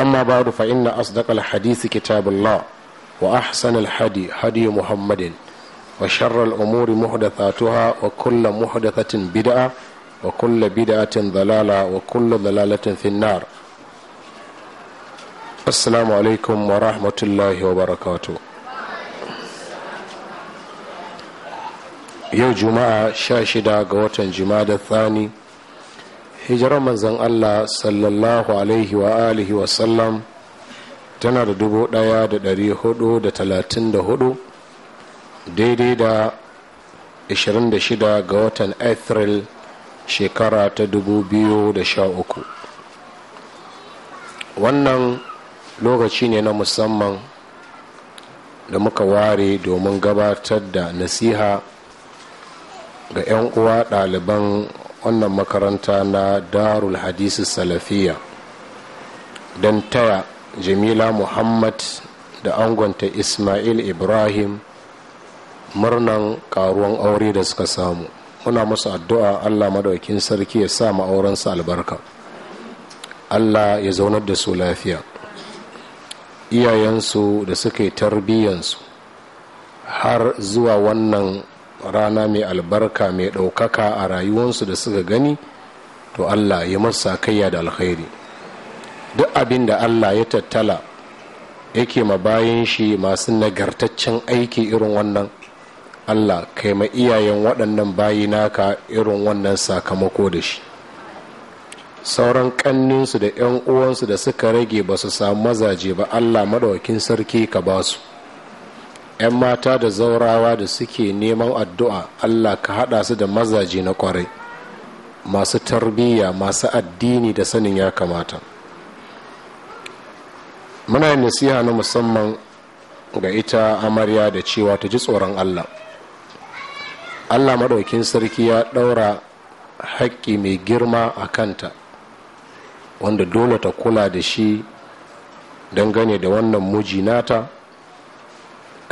أما بعد فإن أصدق الحديث كتاب الله وأحسن الحدي هدي محمد وشر الأمور محدثاتها وكل محدثة بدعة وكل بدعة ضلالة وكل ضلالة في النار السلام عليكم ورحمة الله وبركاته يوم جماعة شاشدة قوة جمادة الثاني hijirar manzan allah sallallahu alaihi wa alihi sallam tana da dubu daya da dari hudu da talatin da hudu daidai da 26 ga watan april shekara ta dubu biyu da sha uku, wannan lokaci ne na musamman da muka ware domin gabatar da nasiha ga 'yan uwa ɗaliban wannan makaranta na darul hadisi salafiya don taya jamila muhammad da angonta ismail ibrahim murnan karuwan aure da suka samu muna musu addu'a allah madaukin sarki ya sa ma'auransu albarka allah ya zaunar da su lafiya iyayensu da suka yi tarbiyyansu har zuwa wannan rana mai albarka mai ɗaukaka a rayuwansu da suka gani to allah ya masa kayya da alkhairi duk abin da allah ya tattala yake ma bayan shi masu nagartaccen aiki irin wannan allah kai ma iyayen waɗannan bayi naka irin wannan sakamako da shi sauran kanninsu da 'yan uwansu da suka rage ba su samu mazaje ba allah maɗaukin sarki ka ba su 'yan mata da zaurawa da suke neman addu'a allah ka haɗa su da mazaje na ƙwarai masu tarbiyya masu addini da sanin ya kamata muna yin nasiha na musamman ga ita amarya da cewa ta ji tsoron allah allah maɗaukin sarki ya ɗaura haƙƙi mai girma a kanta wanda dole ta kula da shi dangane da wannan mujinata. nata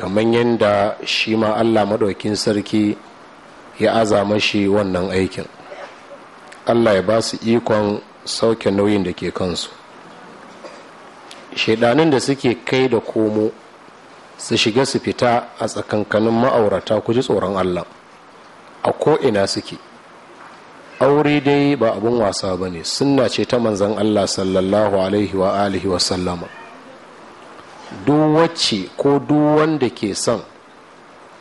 kamar yadda shi ma allah maɗaukin sarki ya azama shi wannan aikin allah ya ba su ikon sauke nauyin da ke kansu shaidanin da suke kai da komo su shiga su fita a tsakankanin ma'aurata ku ji tsoron allah a ko'ina suke aure dai ba abin wasa ba ne suna ce ta manzan allah sallallahu alaihi wa alihi wa sallama duk wacce ko duk wanda ke son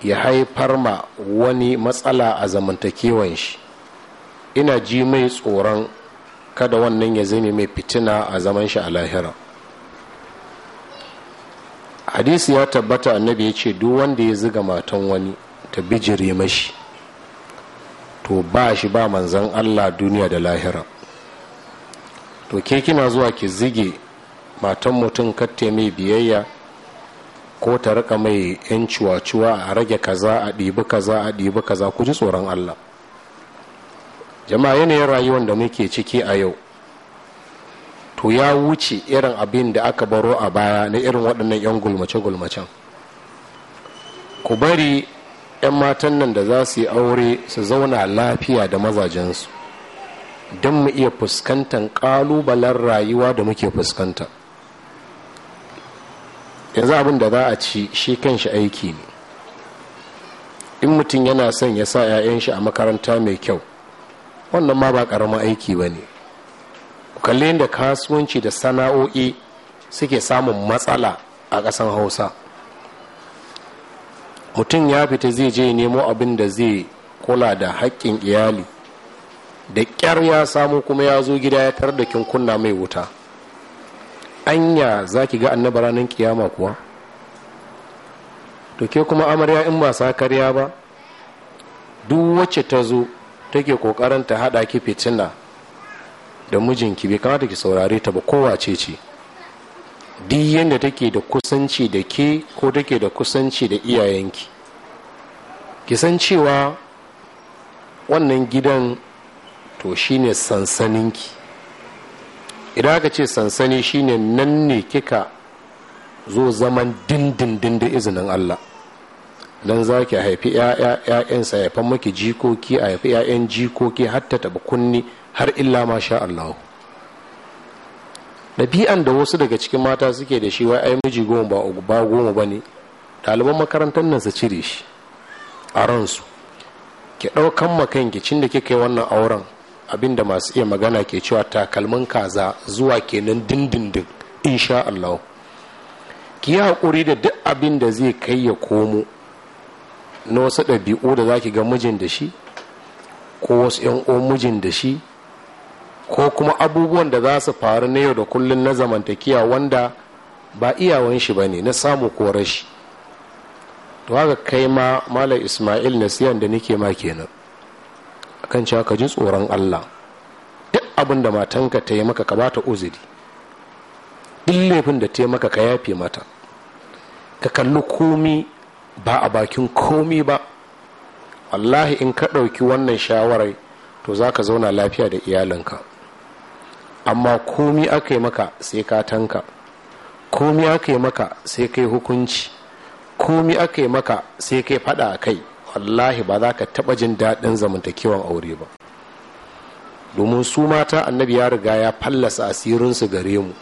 ya haifar ma wani matsala a zamantakewan shi ina ji mai tsoron kada wannan ya zame mai fitina a zaman shi a lahira hadisi ya tabbata annabi ya ce duk wanda ya ziga matan wani ta bijire mashi to ba shi ba manzan allah duniya da lahira to ke kina zuwa ki zige matan mutum katte mai biyayya ko ta rika mai yan ciwa a rage kaza a ɗibi kaza a ɗibi kaza ku ji tsoron allah jama'a yanayin rayuwar da muke ciki a yau to ya wuce irin abin da aka baro a baya na irin waɗannan 'yan gulmace-gulmacen ku bari 'yan matan nan da za su yi aure su zauna lafiya da mazajensu don mu iya fuskantar ƙalubalen rayuwa da muke fuskanta yanzu abin da za a ci shi kanshi aiki ne in mutum yana son ya sa 'ya'yan shi a makaranta mai kyau wannan ma ba karamin aiki ba ne kalli yadda kasuwanci da sana'o'i suke samun matsala a ƙasan hausa mutum ya fita zai je nemo abin da zai kula da haƙƙin iyali da ƙyar ya samu kuma ya zo gida ya tar da kin kunna mai wuta anya za ki ga annaba ranar kiyama kuwa to ke kuma amarya in ba sa karya ba duk wacce ta zo take kokarin ta hada ki fitina da mijinki bai kamata ki saurare ta ba kowace ce duk yadda take da kusanci da ke ko take da kusanci da iyayenki ki san cewa wannan gidan to shine sansaninki idan aka ce sansani shine nan ne kika zo zaman dindindin da izinin Allah dan za ki haifi ‘ya'yansa haifan maki jikoki a haifi ‘ya'yan jikoki har ta taɓa kunni har illa ma sha Allah ɗabi'an da wasu daga cikin mata suke da shi wai ai miji goma ba ba goma ba ne ɗaliban makarantar nan su cire shi a ransu ki ɗaukan makanki cin da kika yi wannan auren abinda masu iya magana ke cewa takalmin kaza zuwa kenan dindindin insha Allah ki yi haƙuri da duk abin da zai kai ya komo na wasu ɗabi'u da za ki ga mijin da shi ko wasu yan uwan mijin da shi ko kuma abubuwan da za su faru na yau da kullum na zamantakiya wanda ba iyawan shi ba ne na samu ko rashi to haka kai ma malam ismail nasiyan da nake ma kenan Kan cewa ka ji tsoron Allah duk abin da matanka ta yi maka ka bata uzuri duk laifin da ta yi maka ka yafe mata ka kalli komi ba a bakin komi ba wallahi in ka ɗauki wannan shawarar to za ka zauna lafiya da iyalinka amma komi aka yi maka sai ka tanka komi aka yi maka sai kai hukunci komi aka yi maka sai kai faɗa a kai wallahi ba za ka taɓa jin daɗin zamantakewan aure ba domin su mata annabi ya riga ya fallasa asirinsu gare mu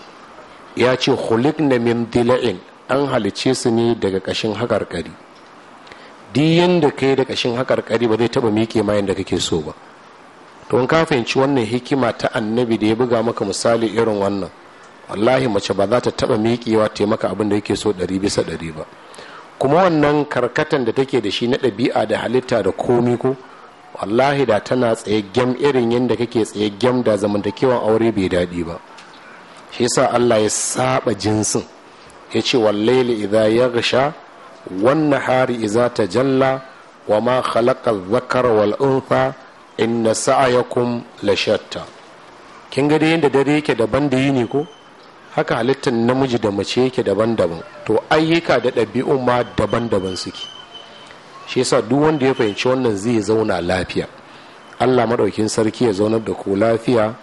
ya ce na min dila'in an halice su ne daga ƙashin haƙarƙari duk yadda kai da ƙashin haƙarƙari ba zai taba miƙe ma yadda kake so ba to in ka fahimci wannan hikima ta annabi da ya buga maka misali irin wannan wallahi mace ba za ta taɓa miƙewa taimaka abin da yake so ɗari bisa ɗari ba kuma wannan karkatan da take da shi na ɗabi'a da halitta da komi ko wallahi da tana tsaye gyam irin yadda kake tsaye gyam da zamantakewan aure bai daɗi ba shi sa Allah ya saba jinsin ya ce wallaili idza Wannan hari iza ta jalla wa ma khalaqa zakar wal untha inna sa'yakum la shatta kin ga yadda dare yake daban da yini ko haka halittar namiji da mace yake daban-daban to ayyuka da ɗabi'u ma daban-daban suke shi yasa duk wanda ya fahimci wannan zai zauna lafiya allah maɗaukin sarki ya zaunar da ku lafiya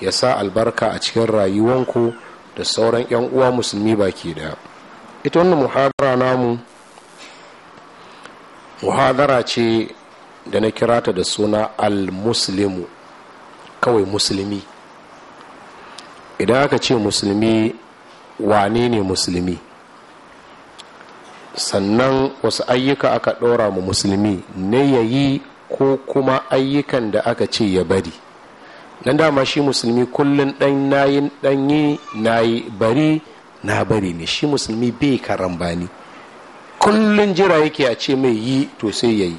ya sa albarka a cikin rayuwanku da sauran 'yan uwa musulmi baki daya ita wannan muhadara namu muhadara ce da na kirata da suna al-muslimu kawai musulmi idan aka ce musulmi wane ne musulmi sannan wasu ayyuka aka ɗora mu musulmi na yayi ko kuma ayyukan da aka ce ya bari nan dama shi musulmi kullum ɗan nayin ɗanyi nayi bari na bari ne shi musulmi bai ni kullum jira yake a ce mai yi to sai ya yi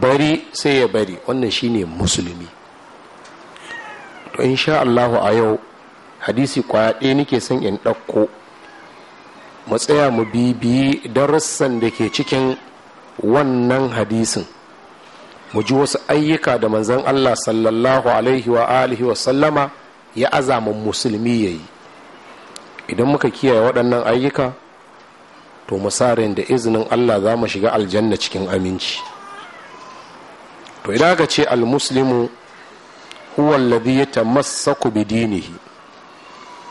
bari sai ya bari wannan shi ne musulmi to in sha Allahu a yau hadisi kwaya ɗaya nake son in ɗauko mu tsaya mu bibiyi darussan da ke cikin wannan hadisin mu ji wasu ayyuka da manzon Allah sallallahu alaihi wa alihi wa sallama ya azamin musulmi ya yi idan muka kiyaye waɗannan ayyuka to musarin da izinin Allah za mu shiga aljanna cikin aminci to idan aka ce almuslimu huwa alladhi yatamassaku bidinihi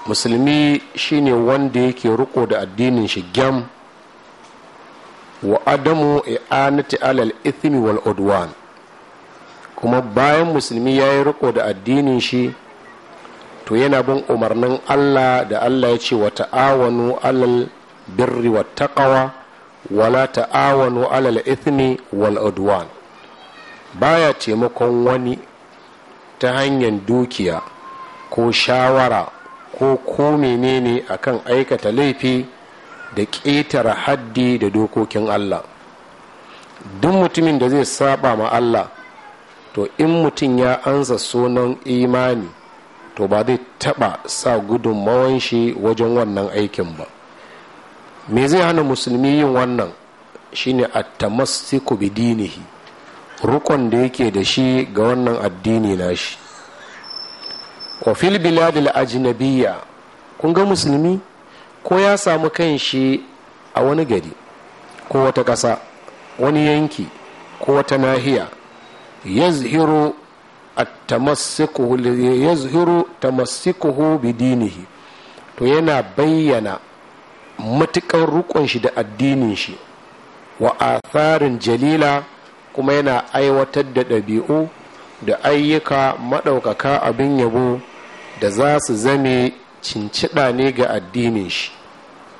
musulmi shine wanda yake riko da addinin shi gyam wa adamu i'anati alal ithmi wal udwan kuma bayan musulmi ya yi riko da addinin shi to yana bin umarnin allah da allah ya ce wa ta'awanu alal birri wa taqawa wala ta'awanu alal ithmi wal udwan baya taimakon wani ta hanyar dukiya ko shawara ko ko menene akan aikata laifi da ƙetare haddi da dokokin Allah duk mutumin da zai saba ma Allah to in mutum ya ansa sunan imani to ba zai taɓa sa gudunmawan shi wajen wannan aikin ba me zai hana musulmi yin wannan shine at-tamassiku bidinihi rukun da yake da shi ga wannan addini shi. wafil biladil ajnabiya kun ga musulmi ko ya samu kanshi a wani gari ko wata ƙasa wani yanki ko wata nahiya zihiru ta tamassikuhu bidinihi to yana bayyana matuƙar rukun shi da addinin shi wa atharin jalila kuma yana aiwatar da ɗabi'u da ayyuka maɗaukaka abin yabo da za su zame cinciɗa ne ga addinin shi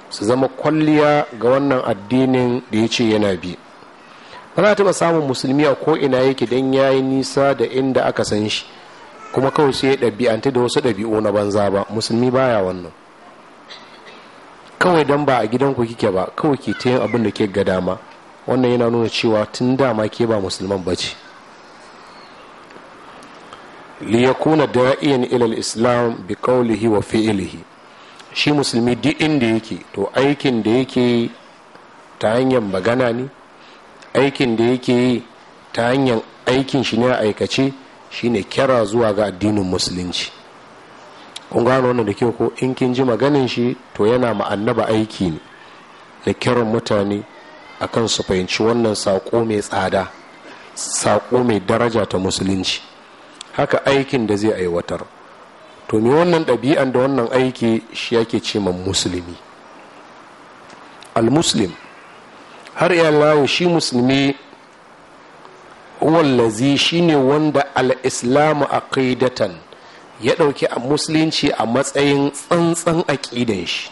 su zama kwalliya ga wannan addinin da ya ce yana bi ba za taɓa samun musulmi a ko'ina yake don ya yi nisa da inda aka san shi kuma kawai sai ya an da wasu ɗabi'u na banza ba musulmi baya wannan kawai don ba a gidan ku kike ba kawai ke ta yin abin da ke ga dama wannan yana nuna cewa tun dama ke ba musulman ba ce liyakuna da'iyan ilal islam bi qawlihi wa fi'lihi shi musulmi duk inda yake to aikin da yake ta hanyar magana ne aikin da yake yi ta hanyar aikin shi ne a aikace shine kira zuwa ga addinin musulunci kun gano wannan da kyau ko in kin ji maganin shi to yana ma'anaba aiki ne da kiran mutane akan su fahimci wannan saƙo mai tsada saƙo mai daraja ta musulunci haka aikin da zai aiwatar to me wannan ɗabi'an da wannan aiki shi yake ce ma musulmi al-muslim har lawo shi musulmi wallazi ne wanda al-islamu kaidatan ya ɗauki a musulunci a matsayin tsantsan a shi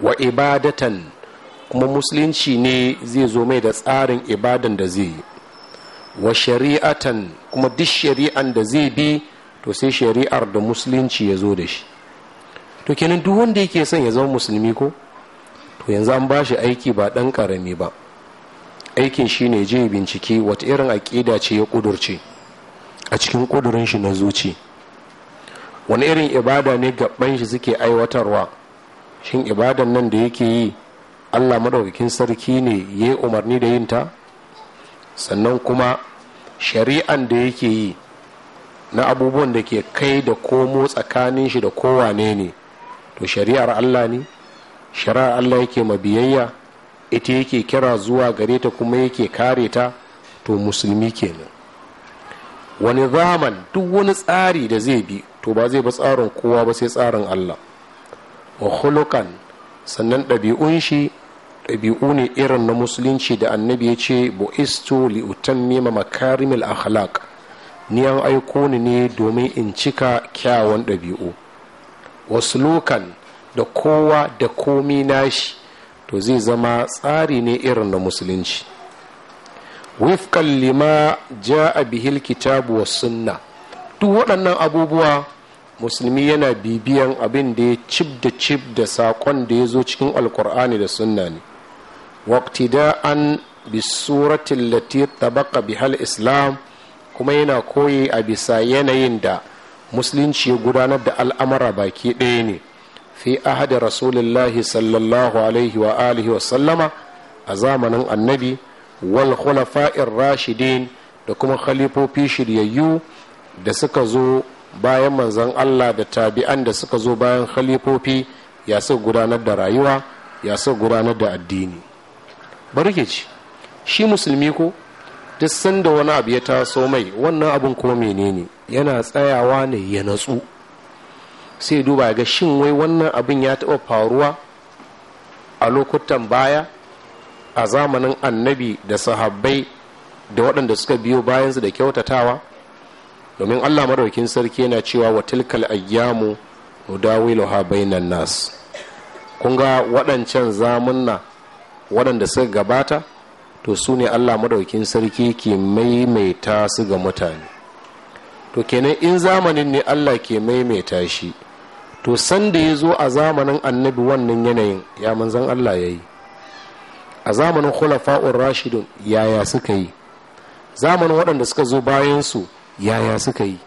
wa ibadatan kuma musulunci ne zai zo mai da tsarin ibadan da zai yi wa shari'atan kuma duk shari'an da zai bi to sai shari'ar da musulunci ya zo da shi to kenan duk wanda yake son ya zama musulmi ko to yanzu an bashi aiki ba dan karami ba aikin shi ne je bincike wata irin aƙida ce ya ƙudurce a cikin ƙudurin shi na zuci wani irin ibada ne gaban shi suke aiwatarwa shin ibadan nan da yake yi allah madaukakin sarki ne ya yi umarni da yin ta sannan kuma shari'an da yake yi na abubuwan da ke kai da komo tsakanin shi da kowane ne to shari'ar allah ne shari'ar allah yake mabiyayya ita yake kira zuwa gare ta kuma yake kare ta to musulmi kenan wani zaman duk wani tsari da zai bi to ba zai ba tsarin kowa ba sai tsarin allah wa sannan ɗabi'un shi ɗabi'u ne irin na musulunci da annabi ya ce bu'istu li utammima makarimil akhlaq ni an aiko ni ne domin in cika kyawun ɗabi'u wasu lokan da kowa da komi nashi to zai zama tsari ne irin na musulunci wifkan lima ja a bihil kitabu wa sunna duk waɗannan abubuwa musulmi yana bibiyan abin da ya cib da cib da saƙon da ya zo cikin alkur'ani da sunna ne واقتداء بالسورة التي bi hal islam kuma yana koyi a bisa yanayin da musulunci ya gudanar da al'amara baki ɗaya ne fi ahadi rasulullahi sallallahu alaihi wa alihi a zamanin annabi wal khulafa'ir rashidin da kuma khalifofi shiryayyu da suka zo bayan manzan Allah da tabi'an da suka zo bayan khalifofi ya suka gudanar da rayuwa ya suka gudanar da addini bari ke ci shi musulmi ko duk sanda wani abu ya taso mai wannan abun ko menene yana tsayawa ne ya natsu sai duba ga shin wai wannan abin ya taɓa faruwa a lokutan baya a zamanin annabi da sahabbai da waɗanda suka biyo bayansu da kyautatawa domin allah maraukin sarki yana cewa wa tilkal ayyamu nudawiluha bainan nas kun ga waɗancan zamunan. waɗanda suka gabata to su ne allah madaukin sarki ke maimaita su ga mutane to kenan in zamanin ne allah ke maimaita shi to sanda ya zo a zamanin annabi wannan yanayin ya manzan allah ya yi a zamanin khulafa'ur rashidun yaya suka yi zamanin waɗanda suka zo bayansu yaya suka yi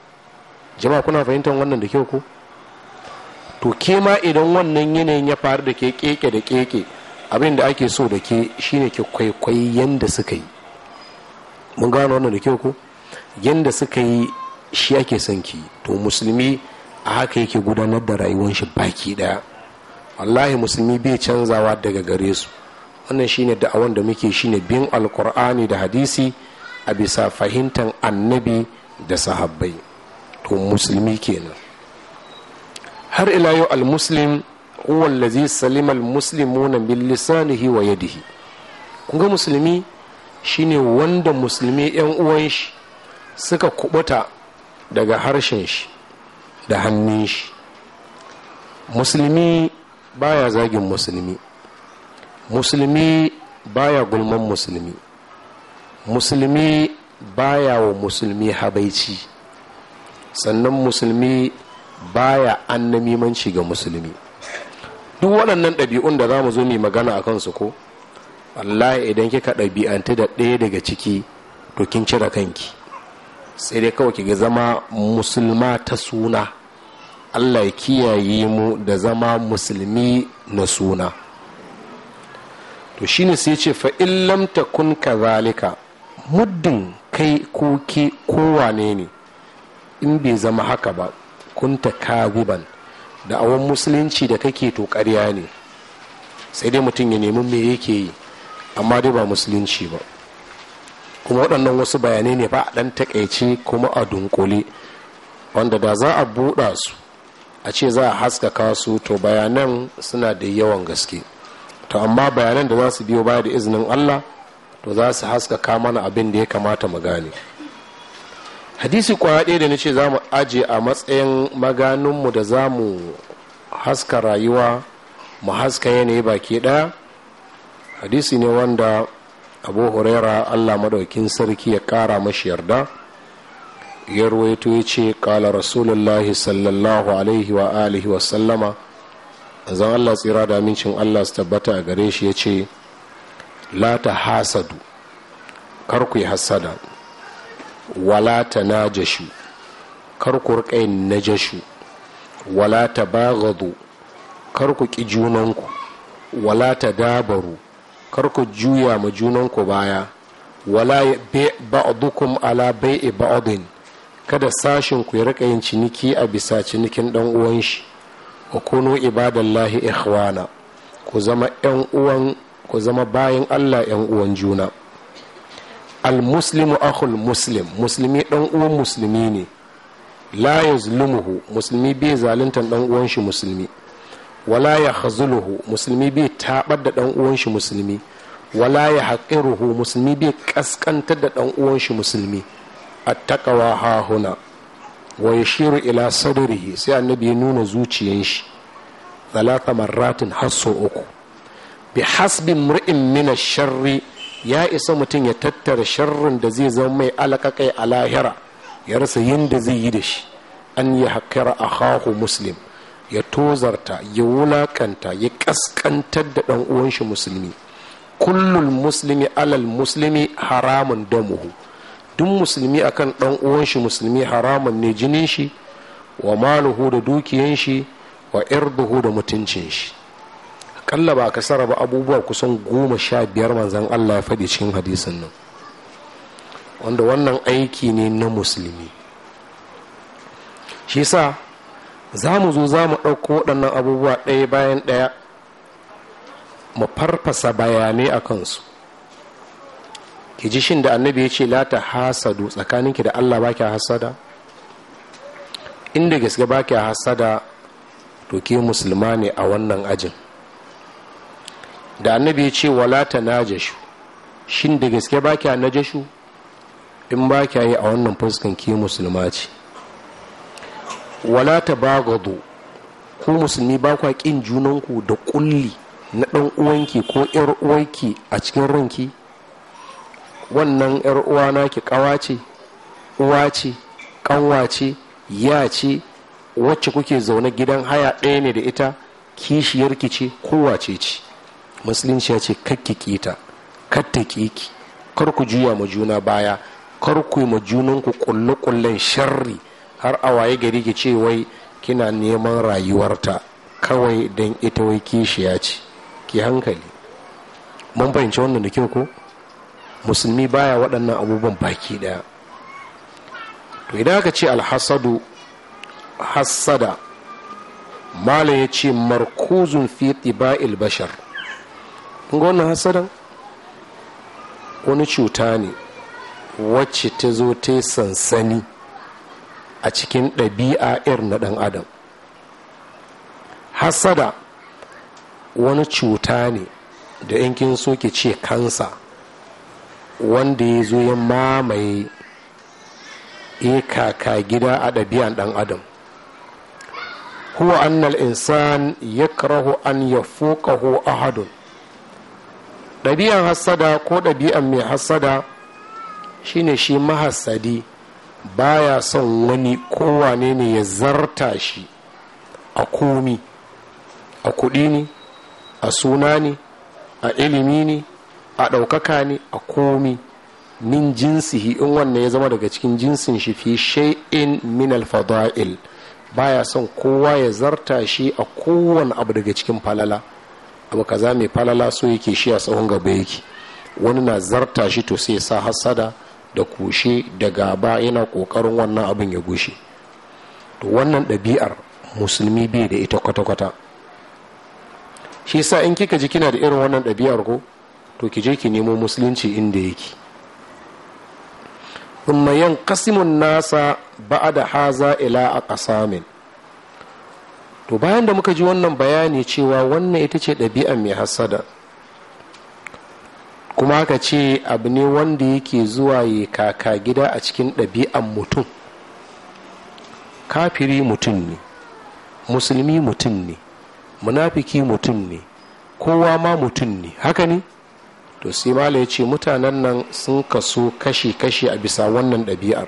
jama'a kuna fahimtar wannan da kyau ko to ke ma idan wannan yanayin ya faru da ke keke da keke abin da ake so da ke shine ke kwaikwayi yadda suka yi mun gano wannan da kyau ko yanda suka yi shi ake son ki to musulmi a haka yake gudanar da rayuwar shi baki daya wallahi musulmi bai canzawa daga gare su wannan shine da'awan da muke shine bin alkur'ani da hadisi a bisa fahimtar annabi da sahabbai to musulmi kenan har ila yau almuslim huwa lazi salimal almuslimuna min lisanihi wa yadihi kun ga musulmi shine wanda musulmi yan uwan shi suka kubuta daga harshen shi da hannun shi musulmi baya zagin musulmi musulmi baya gulman musulmi musulmi baya wa musulmi habaici sannan musulmi baya annamimanci ga musulmi duk waɗannan ɗabi'un da za mu zo mu magana a kansu ko wallahi idan kika ɗabi'anta da ɗaya daga ciki to kin cire kanki sai dai kawai kiga zama musulma ta suna allah ya kiyaye mu da zama musulmi na suna to shine sai ce fa illam takun kazalika muddin kai ko ke kowane ne in bai zama haka ba kun kunta kaguban da awon musulunci da kake to ƙarya ne sai dai mutum ya nemi me yake yi amma dai ba musulunci ba kuma waɗannan wasu bayanai ne ba a ɗan taƙaice kuma a dunkule wanda da za a buɗa su a ce za a haskaka su to bayanan suna da yawan gaske to amma bayanan da za su biyo baya da izinin allah to za su haskaka mana abin da ya kamata mu gane. hadisi kwana ɗaya da na ce za mu aje a matsayin maganinmu da za mu haska rayuwa mu haska yanayi baki ɗaya hadisi ne wanda abu huraira allah maɗaukin sarki ya ƙara mashi yarda ya ruwaito ya ce ƙala rasulullahi sallallahu alaihi wa alihi wa sallama zan allah tsira da amincin allah su tabbata a gare shi ya ce la ta hasadu kar ku yi hasada wala ta najashu kar ku rika yin najashu wala ta baghadu kar ku ki junanku wala ta dabaru kar juya ma junanku baya wala ba'dukum ala bai'i ba'din kada sashin ku ya rika yin ciniki a bisa cinikin dan uwan shi wa kunu ibadallahi ikhwana ku ku zama bayan Allah yan uwan juna almuslimu akhul muslim musulmi dan uwan musulmi ne la yazlumuhu musulmi bai zaluntar dan uwan shi musulmi wala ya khazuluhu musulmi bai tabar da dan uwan shi musulmi wala ya haƙiruhu musulmi bai kaskantar da dan uwan shi musulmi attaqwa ha huna wa yashiru ila sadrihi sai annabi ya nuna zuciyan shi talata marratin hasso uku bi hasbin mur'in min sharri ya isa mutum ya tattara sharrin da zai zama mai alaƙaƙai a lahira ya rasa yadda zai yi da shi an yi a haku muslim ya tozarta ya wulaƙanta ya ƙasƙantar da ɗan uwan shi musulmi kullum muslimi alal muslimi haramun damuhu duk musulmi akan ɗan uwan shi musulmi haramun ne jinin shi wa maluhu da dukiyan shi wa irduhu da mutuncin shi kalla ba ka saraba abubuwa kusan goma sha biyar manzan allah ya faɗi cikin hadisin nan wanda wannan aiki ne na musulmi shi sa za mu zo za mu ɗauko waɗannan abubuwa ɗaya bayan ɗaya mu farfasa bayanai a kansu ki ji shin da annabi ya ce lata hasadu tsakaninki da allah ba ki hasada inda gaske ba ki hasada to ke musulma ne a wannan ajin da annabi ya ce walata na jashu shin da gaske ba kya jashu in ba kya yi a wannan fuskan ke musulma ce wala ta bagado ku musulmi ba kwa kin junanku da kulli na ɗan uwanki ko ƴar uwanki a cikin ranki wannan ƴar uwana ki ƙawa ce uwa ce ƙanwa ce ya ce wacce kuke zaune gidan haya ɗaya ne da ita kishiyarki ce kowace ce musulunci ya ce kakki kita katta kiki kar ku juya ma juna baya kar ku yi ma junanku kulle kullen sharri har a waye gari ki ce wai kina neman rayuwarta kawai don ita wai kishiya ce ki hankali mun fahimci wannan da kyau ko musulmi baya waɗannan abubuwan baki ɗaya to idan aka ce alhasadu hassada malam ya ce markuzun fi tiba'il bashar ga wannan hasadan wani cuta ne wacce ta zo ta sansani a cikin ɗabi'a irin na ɗan adam hasada wani cuta ne da yankin so ce kansa wanda ya zo ya mamaye ya kaka gida a ɗabi'an ɗan adam huwa annal insan ya an ya ahadun ɗabi'an hassada ko ɗabi'an mai hassada shine shi mahassadi baya son wani kowane ne ya zarta shi a komi a kuɗi ne a suna ne a ilimi ne a ɗaukaka ne a komi min jinsi in wannan ya zama daga cikin jinsin shi fi shay'in min alfada'il baya son kowa ya zarta shi a kowane abu daga cikin falala abu kaza mai falala so yake shi a tsawon gaba yake wani na zarta shi to sai sa hassada da kushe da gaba yana kokarin wannan abin ya gushe to wannan ɗabi'ar musulmi bai da ita kwata-kwata shi sa in kika ji kina da irin wannan ɗabi'ar ko to ki je ki nemo musulunci inda yake kasimun nasa ba'ada haza ila a ƙasamin to bayan da muka ji wannan bayani cewa wannan ita ce ɗabi'a mai hasada kuma ka ce abu ne wanda yake zuwa ya kaka gida a cikin ɗabi'an mutum kafiri mutum ne musulmi mutum ne munafiki mutum ne kowa ma mutum ne haka ne to sai ya ce mutanen nan sun kaso kashi-kashi a bisa wannan ɗabi'ar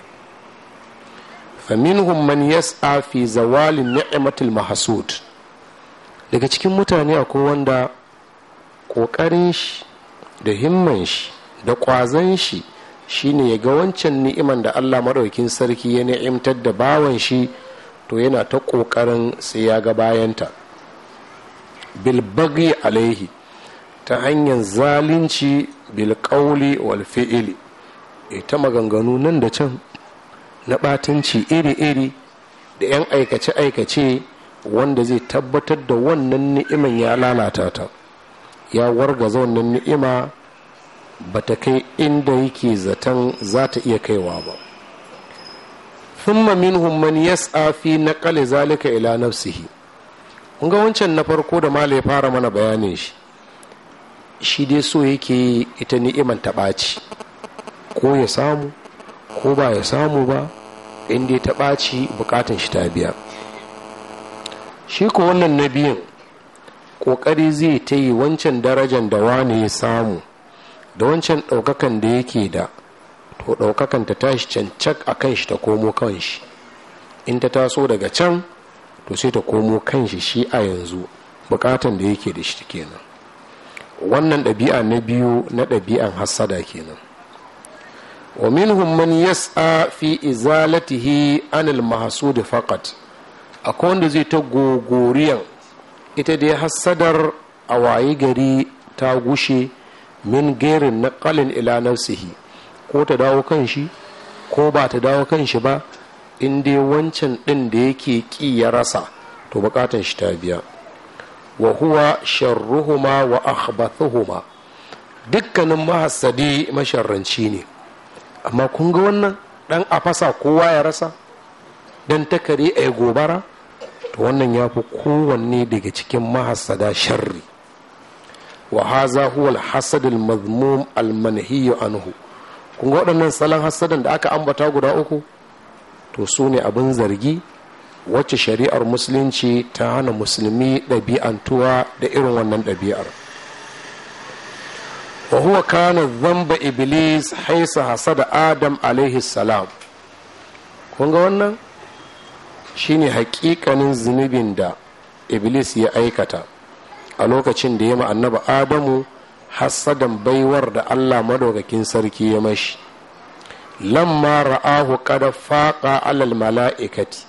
faminhum man yas'a fi zawalin ni'matil mahsud daga cikin mutane akwai wanda ƙoƙarin shi da himman shi da ƙwazon shi shine ya ga wancan ni'iman da Allah maɗaukin sarki ya ni'imtar da bawan shi to yana ta ƙoƙarin sai ya ga bayanta bilbagi alaihi ta hanyar zalunci bilƙauli wal fi'ili ita maganganu nan da can na ɓatanci iri-iri da 'yan aikace-aikace wanda zai tabbatar da wannan ni'iman ya lalata ta ya warga wannan ni'ima ba ta kai inda yake zaton za ta iya kaiwa ba thumma minhum man yas'a fi naqali zalika ila nafsihi kun ga wancan na farko da malai fara mana bayanin shi shi dai so yake ita ni'iman ta ɓaci ko ya samu ko ba ya samu ba inda ya taɓa ci bukatan shi ta biya shi ko wannan na biyan ƙoƙari zai ta yi wancan darajan da wani ya samu da wancan ɗaukakan da yake da to ɗaukakan ta tashi cancak a kan shi ta komo kan shi in ta taso daga can to sai ta komo kan shi shi a yanzu bukatan da yake da shi kenan wannan ɗabi'a na biyu na ɗabi'an hassada kenan wa minhum man yas'a fi izalatihi anil mahsud faqat akwai wanda zai ta gogoriyan ita dai ya hassadar a waye gari ta gushe min gairin naqalin ila nafsihi ko ta dawo kan shi ko ba ta dawo kan shi ba in dai wancan ɗin da yake ƙi ya rasa to buƙatan shi ta biya wa huwa sharruhuma wa ahbatuhuma dukkanin mahassadi masharranci ne amma kun ga wannan dan a fasa kowa ya rasa dan takare a gobara to wannan ya fi kowanne daga cikin mahasada sharri wa haza huwa al-hasad al anhu kun ga waɗannan salon hasadan da aka ambata guda uku to su ne abin zargi wacce shari'ar musulunci ta hana musulmi ɗabi'antuwa da irin wannan ɗabi'ar wa huwa kana zamba iblis haisa hasada adam alaihi salam ga wannan shine hakikanin zunubin da iblis ya aikata a lokacin da ya ma'annaba adamu hassadan baiwar da allah madaukakin sarki ya mashi lamma ra'ahu kada faƙa alal mala'ikati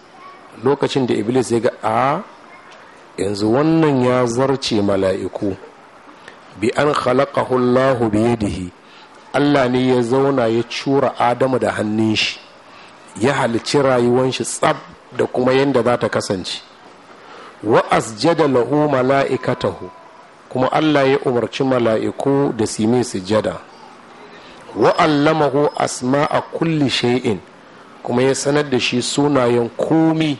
lokacin da iblis ya ga a yanzu wannan ya zarce mala'iku bi an khalaqahu Allah bi yadihi Allah ne ya zauna ya cura Adamu da hannun shi ya halicci rayuwar shi tsab da kuma yadda za ta kasance wa asjada lahu mala'ikatahu kuma Allah ya umarci mala'iku da su yi sujada wa allamahu asma'a kulli shay'in kuma ya sanar da shi sunayen komi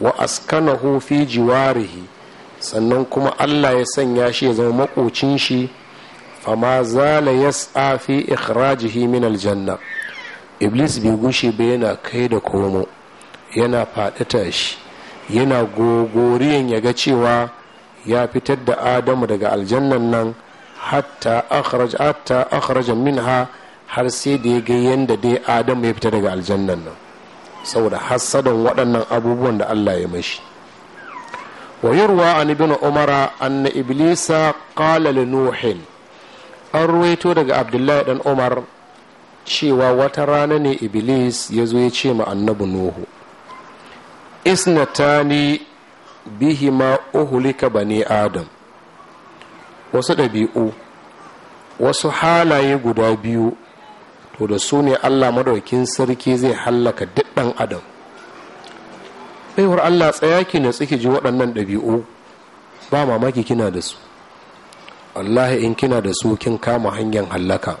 wa askanahu fi jiwarihi sannan kuma allah ya sanya shi ya zama makocin shi fama zala ya tsafi ikhrajihi min aljanna iblis bai gushe ba yana kai da komo yana faɗita shi yana gogoriyan ya ga cewa ya fitar da adamu daga aljannan nan hatta akhraj minha har sai da ya ga yanda dai adamu ya fita daga aljannan nan saboda hassadan waɗannan abubuwan da Allah ya mashi ويروى عن ابن عمر أن إبليس قال لنوح an ruwaito daga abdullahi dan umar cewa wata rana ne iblis ya zo ya ce ma annabi nuhu isnatani bihima uhulika bani adam wasu ɗabi'u wasu halaye guda biyu to da su ne allah madaukin sarki zai hallaka duk ɗan adam baiwar allah tsaya ki na tsiki ji waɗannan ɗabi'u ba mamaki kina da su wallahi in kina da su kin kama hanyar hallaka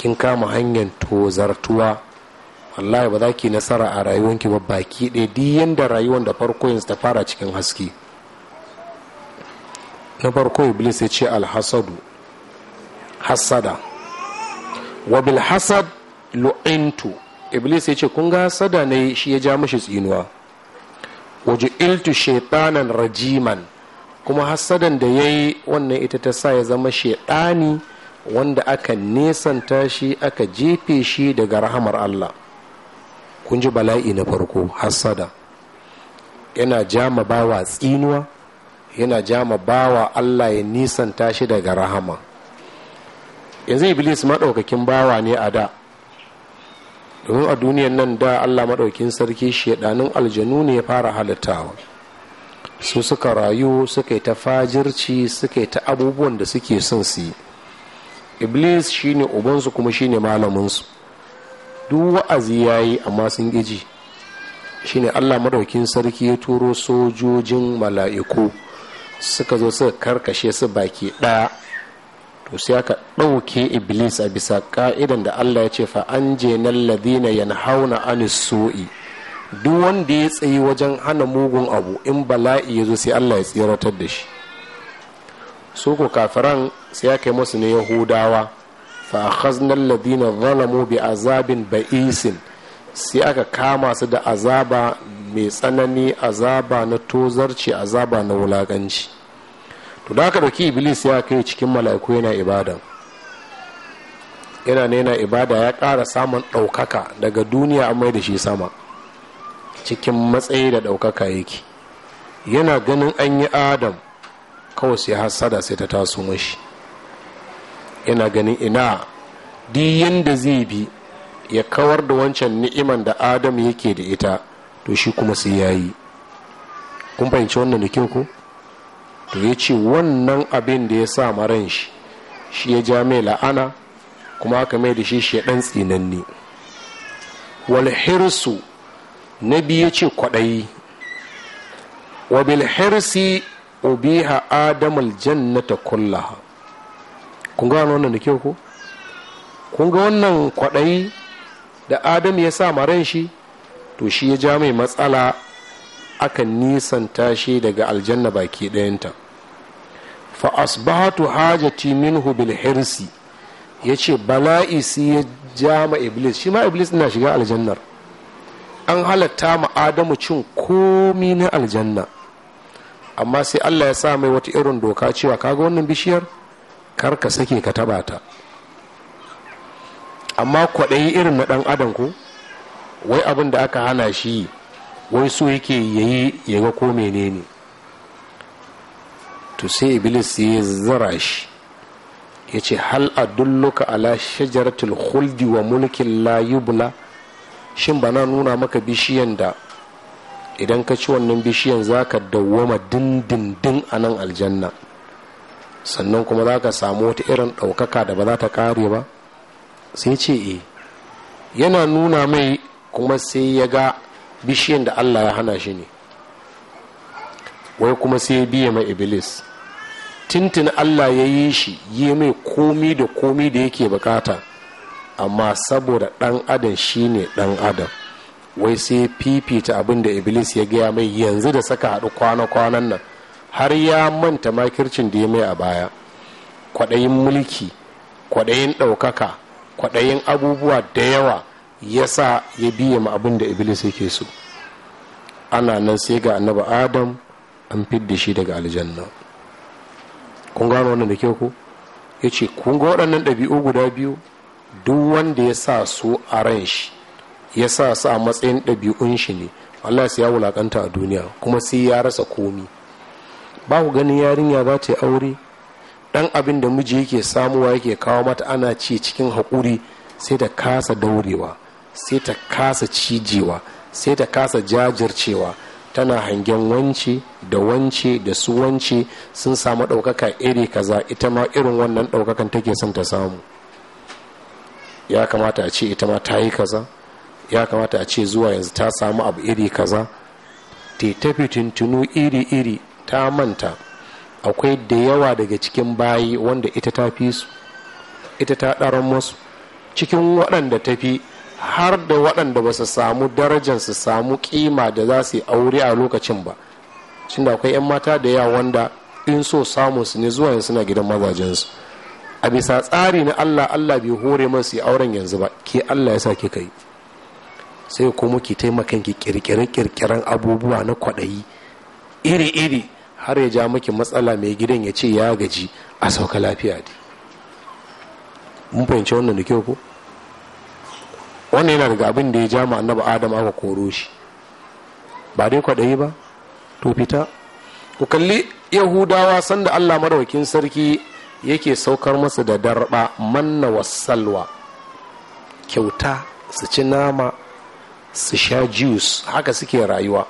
kin kama hanyar tozartuwa wallahi ba za ki nasara a rayuwanki ba baki ɗaya duk yanda rayuwar da farko yanzu ta fara cikin haske na farko iblis ya ce alhasadu hasada wa hasad lu'intu iblis ya ce kun ga hasada ne shi ya ja mashi tsinuwa waje iltu shaitanan rajiman kuma hassadan da ya yi wannan ita ta sa ya zama shaidani wanda aka nesanta shi aka jefe shi daga rahamar Allah kun ji bala'i na farko hassada yana jama bawa tsinuwa yana jama bawa Allah ya nisanta shi daga rahama yanzu iblis maɗaukakin bawa ne a da domin a duniyan nan da allah maɗaukin sarki shaɗanin aljanu ne ya fara halittawa su suka rayu suka yi ta fajirci suka yi ta abubuwan da suke son su yi iblis shine ubansu kuma shine malaminsu duk wa'azi ya yi amma sun giji shine allah maɗaukin sarki ya turo sojojin mala'iku suka zo suka karkashe su baki ɗaya to sai aka ɗauke iblis a bisa ka'idan da allah ya ce fa an je nan ladina yanhauna anis su'i duk wanda ya tsayi wajen hana mugun abu in bala'i ya zo sai allah ya tsiratar da shi su ko kafiran sai aka yi musu ne yahudawa fa akhazna ladina zalamu bi azabin ba'isin sai aka kama su da azaba mai tsanani azaba na tozarci azaba na wulakanci to da aka ɗauki iblis ya kai cikin mala'iku yana ibada yana nena ibada ya ƙara samun ɗaukaka daga duniya an mai da shi sama cikin matsayi da ɗaukaka yake yana ganin an yi adam kawai sai hasada sai ta taso mashi yana ganin ina diyan da zai bi ya kawar da wancan ni'iman da adam yake da ita to shi kuma sai yayi kun fahimci wannan da kyau ko to ya ce wannan abin da ya sa maran shi shi ya ja mai la'ana kuma aka mai da shi ɗan tsinanni Walhirsu na biyu ya ce kwaɗayi wa bilhirsi hirsi ubiha adamul jannata kullaha kun gano wannan da kyau ko kun ga wannan kwaɗayi da adam ya sa maran shi to shi ya ja mai matsala aka nisan tashi daga aljanna baki ɗayanta fa asbahatu hajati minhu bil hirsi yace bala'i si ya jama iblis shi ma iblis na shiga aljannar an halatta ma adamu cin komi na aljanna amma sai allah ya sa mai wata irin doka cewa kaga wannan bishiyar kar ka sake ka taba ta amma kwaɗayi irin na ɗan adam ko wai abin da aka hana shi wai so yake yayi ya ga ko menene to sai iblis ya zara shi ya ce hal adulluka ala shajaratul khuldi wa mulkin la yubla shin ba na nuna maka bishiyan da idan ka ci wannan bishiyan za ka dawwama dindindin a nan aljanna sannan kuma za ka samu wata irin ɗaukaka da ba za ta ƙare ba sai ce e yana nuna mai kuma sai ya ga bishiyan da allah ya hana shi ne wai kuma sai ya biya mai iblis tintin allah ya yi shi yi mai komi da komi da yake bukata amma saboda dan adam shi ne dan adam wai sai fifita abin da iblis ya gaya mai yanzu da saka haɗu kwana-kwanan nan har ya manta makircin da ya mai a baya kwaɗayin mulki kwaɗayin ɗaukaka kwaɗayin abubuwa da yawa ya sa ya biya ma abin da iblis yake so ana nan sai ga annabi adam an fidda shi daga aljanna kun gano wannan da kyau ko ya ce kun ga waɗannan ɗabi'u guda biyu duk wanda ya sa su a ran shi ya sa su a matsayin ɗabi'un shi ne Allah ya wulakanta a duniya kuma sai ya rasa komi ba ku ganin yarinya za ta yi aure ɗan abin da miji yake samuwa yake kawo mata ana ci cikin haƙuri sai da kasa daurewa sai ta kasa cijewa sai ta kasa jajircewa tana hangen wance da wance da su wance sun samu ɗaukaka iri kaza ita ma irin wannan ɗaukakan take son ta samu ya kamata a ce ita ma ta yi kaza ya kamata a ce zuwa yanzu ta samu abu iri kaza ta tafi tuntunu iri iri ta manta akwai da yawa daga cikin bayi wanda ita ta fi su ita ta ɗaran masu cikin waɗanda ta fi har da waɗanda ba su samu darajar su samu kima da za su yi aure a lokacin ba shi da akwai 'yan mata da yawa wanda in so samu su ne zuwa yanzu suna gidan mazajensu a bisa tsari na allah allah bai hore masu yi auren yanzu ba ke allah ya sa ke kai sai kuma ki taimakan ki kirkirin kirkiran abubuwa na kwaɗayi iri-iri har ya ja maki matsala mai gidan ya ce ya gaji a sauka lafiya dai mun fahimci wannan da kyau ko wannan yana daga abin da ya ja ma annabi adam aka koro shi ba dai kwaɗayi ba to fita ku kalli yahudawa sanda allah madawakin sarki yake saukar masu da darba manna wasalwa kyauta su ci nama su sha juice haka suke rayuwa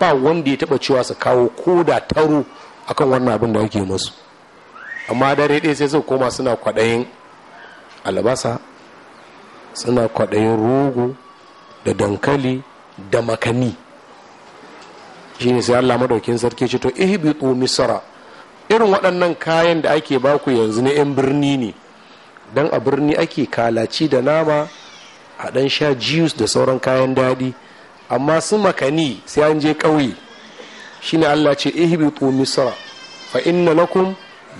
ba wanda ya taba cewa su kawo ko da taro akan wannan abin da ake musu amma dare ɗaya sai su koma suna kwaɗayin albasa suna kwaɗayin rogo da dankali da makani ne sai allah maɗaukin sarki ce to ihbitu misra irin waɗannan kayan da ake baku yanzu na 'yan birni ne don a birni ake kalaci da nama a ɗan sha jiyus da sauran kayan daɗi amma su makani sai an je ƙauye shine allah ce ihbitu misra fa inna lakum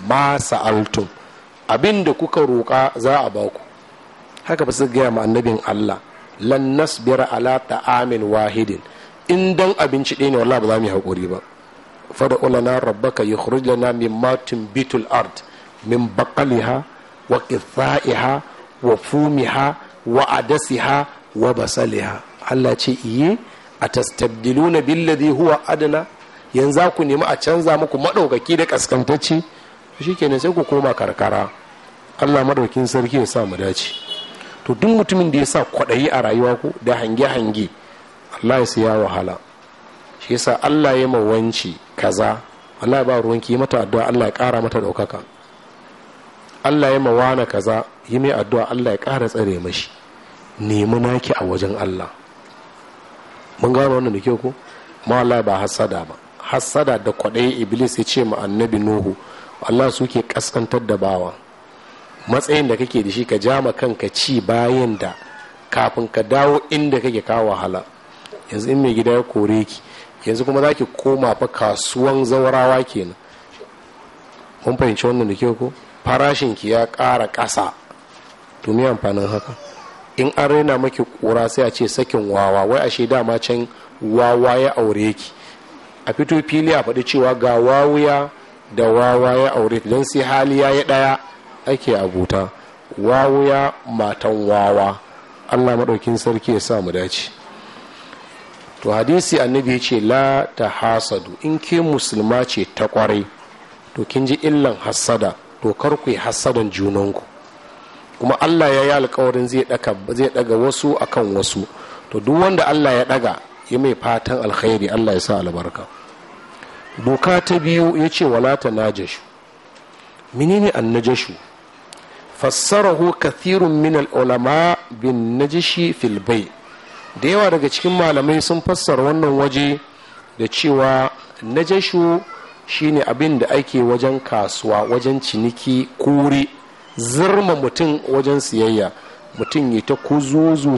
ma sa'altun. abin da kuka roƙa za a baku haka ba su gaya ma annabin Allah lan biyar ala ta'amin wahidin in abinci ɗaya ne wallahi ba za mu yi haƙuri ba fada ulana rabbaka yukhrij lana mimma tunbitul ard min baqaliha wa qithaiha wa fumiha wa adasiha wa basaliha Allah ce iye a tastabdiluna billadhi huwa adana yanzu ku nemi a canza muku maɗaukaki da kaskantacce shikenan sai ku koma karkara Allah madaukin sarki ya sa mu dace to duk mutumin da ya sa kwaɗayi a rayuwa ko da hange-hange allah ya ya wahala shi yasa allah ya mawanci kaza allah ya ba ruwan yi mata addu'a allah ya ƙara mata ɗaukaka allah ya mawana kaza yi mai addu'a allah ya ƙara tsare mashi nemi naki a wajen allah mun gano wannan da kyau ko ma allah ba hassada ba hassada da kwaɗayi iblis ya ce ma annabi nuhu allah suke kaskantar da bawa matsayin da kake da shi ka jama kanka ci bayan da kafin ka dawo inda kake kawo wahala yanzu in mai gida ya kore ki yanzu kuma za ki koma fa kasuwan zaurawa kenan mun fahimci wannan da kyau ko farashin ki ya kara kasa to me amfanin haka in an raina maki ƙura sai a ce sakin wawa wai ashe dama can wawa ya aure ki a fito fili a faɗi cewa ga wawuya da wawa ya aure don sai hali ya yi ɗaya ake abuta wawuya matan wawa allah maɗaukin sarki ya sa mu dace to hadisi annabi ya ce la ta hasadu in ke musulma ce ta kwarai to kin ji illan hassada to kar yi hassadan junanku kuma allah ya yi alkawarin zai daga wasu akan wasu to duk wanda allah ya daga ya mai fatan alkhairi allah ya sa albarka doka ta biyu ya ce wala ta najashu menene annajashu فسره كثير min العلماء ulama bin najishi da yawa daga cikin malamai sun fassara wannan waje da cewa najashu shine abin da ake wajen kasuwa wajen ciniki kuri zirma mutum wajen siyayya mutum ya ta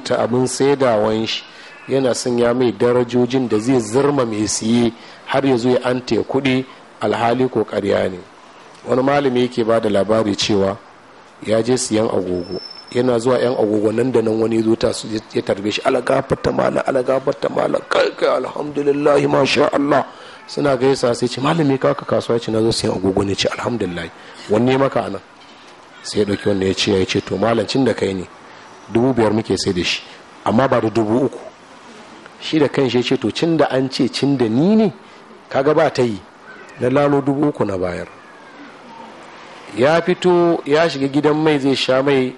ta abin saidawan shi yana son ya mai darajojin da zai zirma mai siye har ya zo ya an kuɗi alhali ko ƙarya ne wani malami yake ba da labari cewa ya je siyan agogo yana zuwa yan agogo nan da nan wani zuta su ya tarbe shi alagafar ta mala alagafar mala kai kai alhamdulillah masha Allah suna gaisa sai ce malami ka ka kasuwa ce na zo siyan agogo ne ce alhamdulillah wanne maka anan sai ya dauki wannan ya ce ya ce to malancin da kai ne dubu biyar muke sai da shi amma ba da dubu uku shi da kan shi ce to cin da an ce cin da ni ne kaga ba ta yi na lalo dubu uku na bayar ya fito ya shiga gidan mai zai sha mai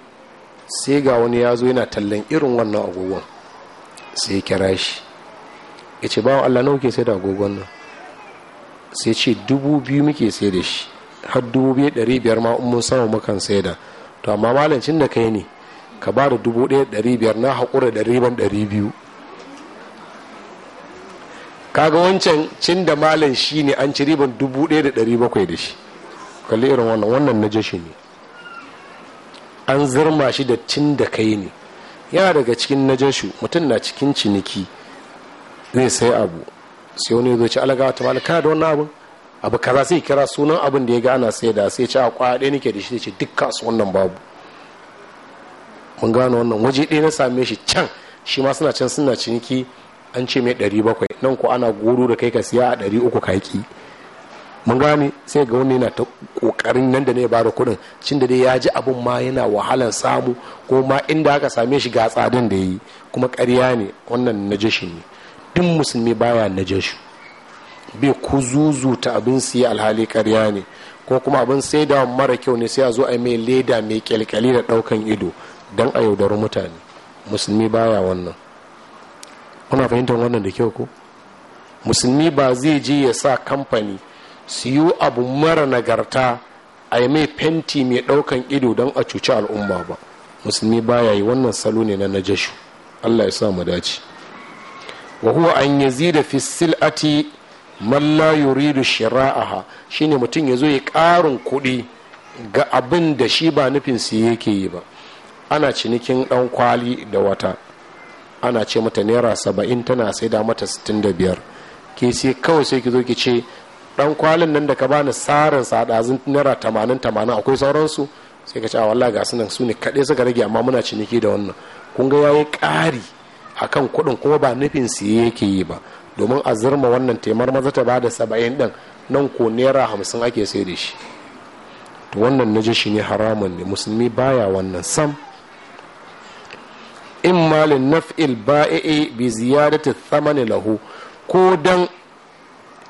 sai ga wani ya zo yana tallan irin wannan agogon sai ya kira shi ya ce bawan allah nawa ke sai da agogon nan sai ce dubu biyu muke sai da shi har dubu biyu ɗari biyar ma mun samu mukan sai da to amma malancin da kai ne ka ba da dubu ɗaya ɗari biyar na haƙura da riban ɗari biyu kaga wancan cin da malam shi ne an ci riban dubu ɗaya da ɗari bakwai da shi kalli irin wannan na jashi ne an zirma shi da cin da kai ne yana daga cikin na jeshi mutum na cikin ciniki zai sai abu sai wani zai ci alagawa ta malaka da wannan abin abu kaza sai kira sunan abin da ya ga ana sai da sai ci a kwaya ɗaya nake da shi ce duk wannan babu mun gano wannan waje ɗaya na same shi can shi ma suna can suna ciniki an ce mai ɗari bakwai nan ko ana goro da kai ka siya a ɗari uku kaki mun gane sai ga wani yana ta kokarin nan da ne ya bada kuɗin cin da dai ya ji abun ma yana wahalan samu ko ma inda aka same shi ga tsadan da yi kuma ƙarya ne wannan najashi ne duk musulmi baya najashi bai kuzuzuta abin siya alhali ƙarya ne ko kuma abin sai da mara kyau ne sai a zo a mai leda mai kyalkyali da ɗaukan ido don a yaudari mutane musulmi baya wannan kuna fahimtar wannan da kyau ko musulmi ba zai je ya sa kamfani su yi abu mara nagarta a yi mai fenti mai ɗaukan ido don a cuci al'umma ba musulmi baya yi wannan salo ne na najashu allah ya sa mu dace wa huwa an yazida fi sil'ati man la yuridu shira'aha shine mutum ya zo ya ƙarin kuɗi ga abin da shi ba nufin su yake yi ba ana cinikin ɗan kwali da wata ana ce mata naira saba'in tana saida mata sittin da biyar ke sai kawai sai ki zo ki ce dan kwalin nan da ka bani sarin sadazin naira tamanin tamanin akwai sauransu sai ka ce walla ga su nan su ne kaɗai suka rage amma muna ciniki da wannan kun ga yayi ƙari akan kuɗin kuma ba nufin siye yake yi ba domin a zirma wannan taimar maza ta bada saba'in ɗin nan ko naira hamsin ake sai da shi to wannan na shi ne haramun ne musulmi baya wannan sam in malin naf'il bai bi ziyadati thamani lahu ko dan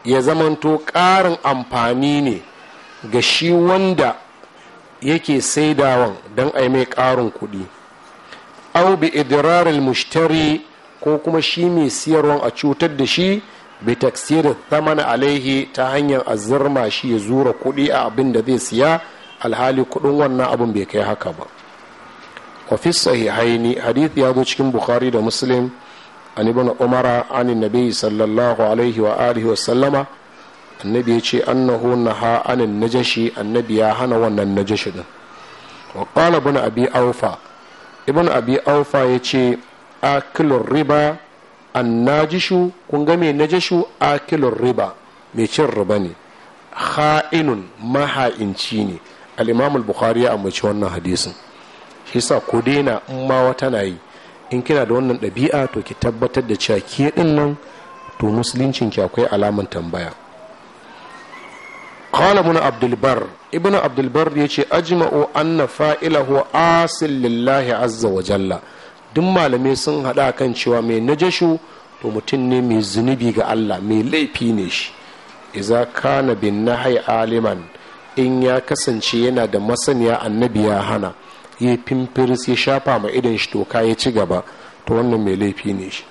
ya zamanto ƙarin amfani ne ga shi wanda yake saidawan don a yi mai ƙarin kuɗi au bi idraril mushtari ko kuma shi mai siyarwa a cutar da shi bi taksirin thamana alaihi ta hanyar azurma shi ya zura kuɗi a abin da zai siya alhali kuɗin wannan abin bai kai haka ba kwafis sahihaini hadith ya zo cikin bukhari da muslim an ibn umara an nabi sallallahu alaihi wa alihi wa sallama annabi ya annahu naha an najashi annabi ya hana wannan najashi din wa qala ibn abi aufa ibn abi aufa ya ce riba an najishu kun ga mai najashu akilun riba mai cin riba ne ha'inun maha'inci ne al bukhari ya ambaci wannan hadisin shi sa ku daina in ma wata na yi in kina da wannan ɗabi'a to ki tabbatar da cewa ke ɗin nan to musuluncin ki akwai alaman tambaya qala mun abdulbar ibnu abdulbar ya ce ajma'u anna fa'ilahu asil lillahi azza wa jalla duk malamai sun haɗa kan cewa mai najashu to mutum ne mai zunubi ga Allah mai laifi ne shi iza kana bin nahai aliman in ya kasance yana da masaniya annabi ya hana ya fimfiris ya shafa ma idan shi toka ya ci gaba to wannan mai laifi ne shi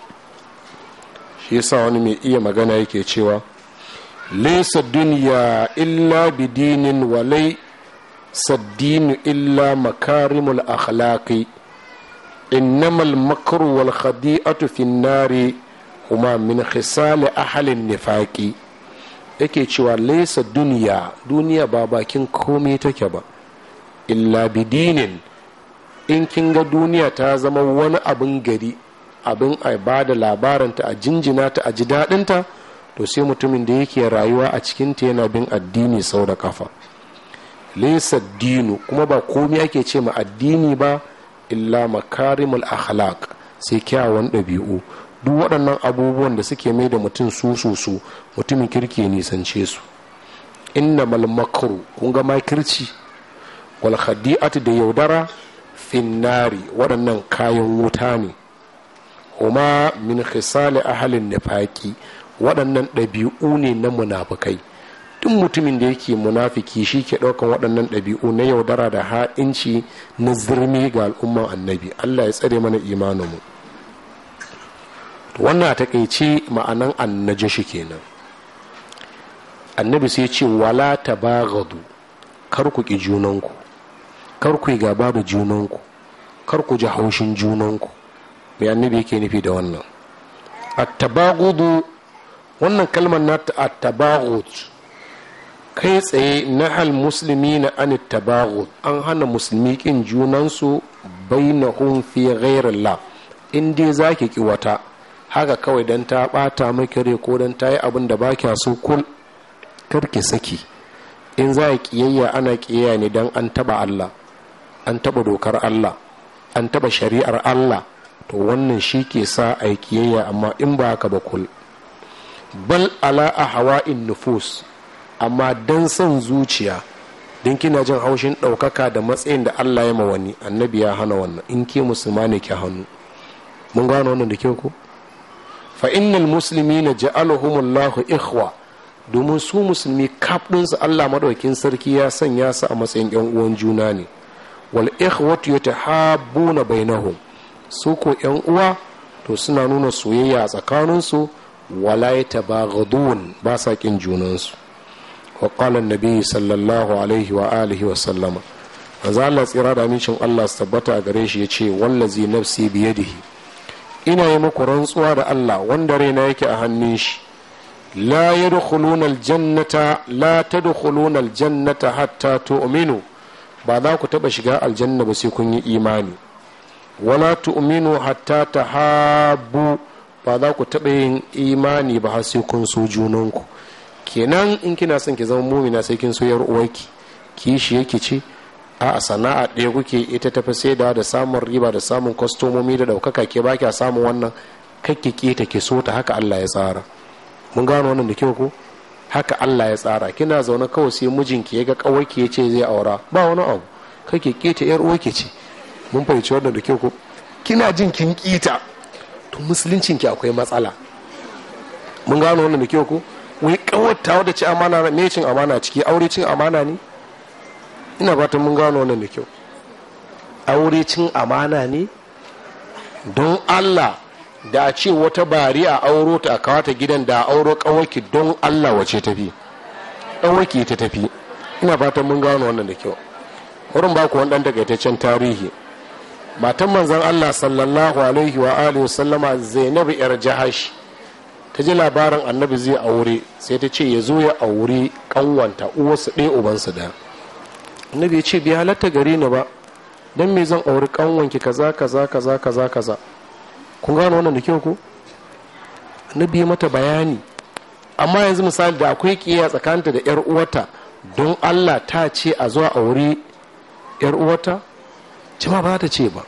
shi yasa wani mai iya magana yake cewa laisa duniya illa bidinin walai saddinu illa makarimul akhlaqi innamal makru wal khadi'atu fin nari huma min khisal ahalin nifaqi yake cewa laisa duniya duniya ba bakin komai take ba illa bidinin in kin ga duniya ta zama wani abin gari abin a ba da labaranta a jinjina ta a ji daɗinta to sai mutumin da yake rayuwa a cikin ta yana bin addini sau da kafa laysa dinu kuma ba komi ake ce ma addini ba illa makarimul akhlaq sai kyawun ɗabi'u duk waɗannan abubuwan da suke mai da mutum su su su mutumin kirki ya nisance su innamal makru kun ga makirci wal khadi'atu da yaudara finnari waɗannan kayan wuta ne kuma min khisali ahalin nifaki waɗannan ɗabi'u ne na munafukai duk mutumin da yake munafuki shi ke ɗaukan waɗannan ɗabi'u na yaudara da ha'inci na zirmi ga al'umman annabi allah ya tsare mana imanin imaninmu wannan takaice ma'anan annaji shi kenan annabi sai ce wala tabaghadu kar ku ƙi junanku kar ku yi gaba da junanku kar ku ji haushin junanku mai annabi yake nufi da wannan attabagudu wannan kalmar na attabagut kai tsaye na hal musulmi na an tabagut an hana musulmi kin junansu bainahum fi ghairillah in dai zaki ki wata haka kawai dan ta bata miki rai ko dan ta yi abin da ba kya so kul karki saki in za a kiyayya ana kiyayya ne dan an taba Allah an taɓa dokar Allah an taɓa shari'ar Allah to wannan shi ke sa aikiyayya kiyayya amma in ba ka ba kul bal ala a in nufus amma don son zuciya don kina jin haushin ɗaukaka da matsayin da Allah ya ma wani annabi ya hana wannan in ke musulma ne ke hannu mun gano wannan da kyau ko fa innal muslimina ja'alahumullahu ikhwa domin su musulmi kaf Allah madaukin sarki ya sanya su a matsayin yan uwan juna ne wal ikhwatu yatahabbuna bainahum su ko yan uwa to suna nuna soyayya a tsakaninsu wala yatabaghadun ba sa kin junansu wa na biyu sallallahu alaihi wa alihi wa sallama za Allah tsira da amincin Allah su tabbata a gare shi ya yace wallazi nafsi biyadihi ina yi muku rantsuwa da Allah wanda raina yake a hannun shi la yadkhuluna aljannata la tadkhuluna aljannata hatta tu'minu ba za ku taɓa shiga aljanna ba sai kun yi imani wala tu'minu hatta tahabu ba za ku taɓa yin imani ba har sai kun so junanku kenan in kina son ki zama mumina sai kin so yar uwarki ki shi yake ce a sana'a ɗaya kuke ita tafi sai da da samun riba da samun kwastomomi da ɗaukaka ke ba a samun wannan kakki ki ta ke so ta haka Allah ya tsara mun gano wannan da kyau ko haka Allah ya tsara kina zaune kawai sai mijinki ya ga kawarki ya ce zai aura ba wani abu kake keta yar uwarki ce mun fahimci wannan da kyau ko kina jin kin kita to musuluncin ki akwai matsala mun gano wannan da kyau ko wai kawata da ci amana ne cin amana ciki aure cin amana ne ina fatan mun gano wannan da kyau aure cin amana ne don Allah da a ce wata bari a auro ta kawata ta gidan da auro kawaki don allah wace tafi kawaki ta tafi ina fatan mun gano wannan da kyau wurin ba ku daga ita takaitaccen tarihi matan manzon allah sallallahu alaihi wa alihi sallama zainab yar jahash ta ji labarin annabi zai aure sai ta ce ya zo ya aure kanwanta uwarsa ɗaya ubansa da annabi ya ce bi halatta gare ni ba don me zan auri kanwanki kaza kaza kaza kaza kaza kun gano wannan da kyau ko na biyu mata bayani amma yanzu misali da akwai kiyaya tsakanta da yar uwata don Allah ta ce a zuwa a wuri yar uwata jama'a ba ta ce ba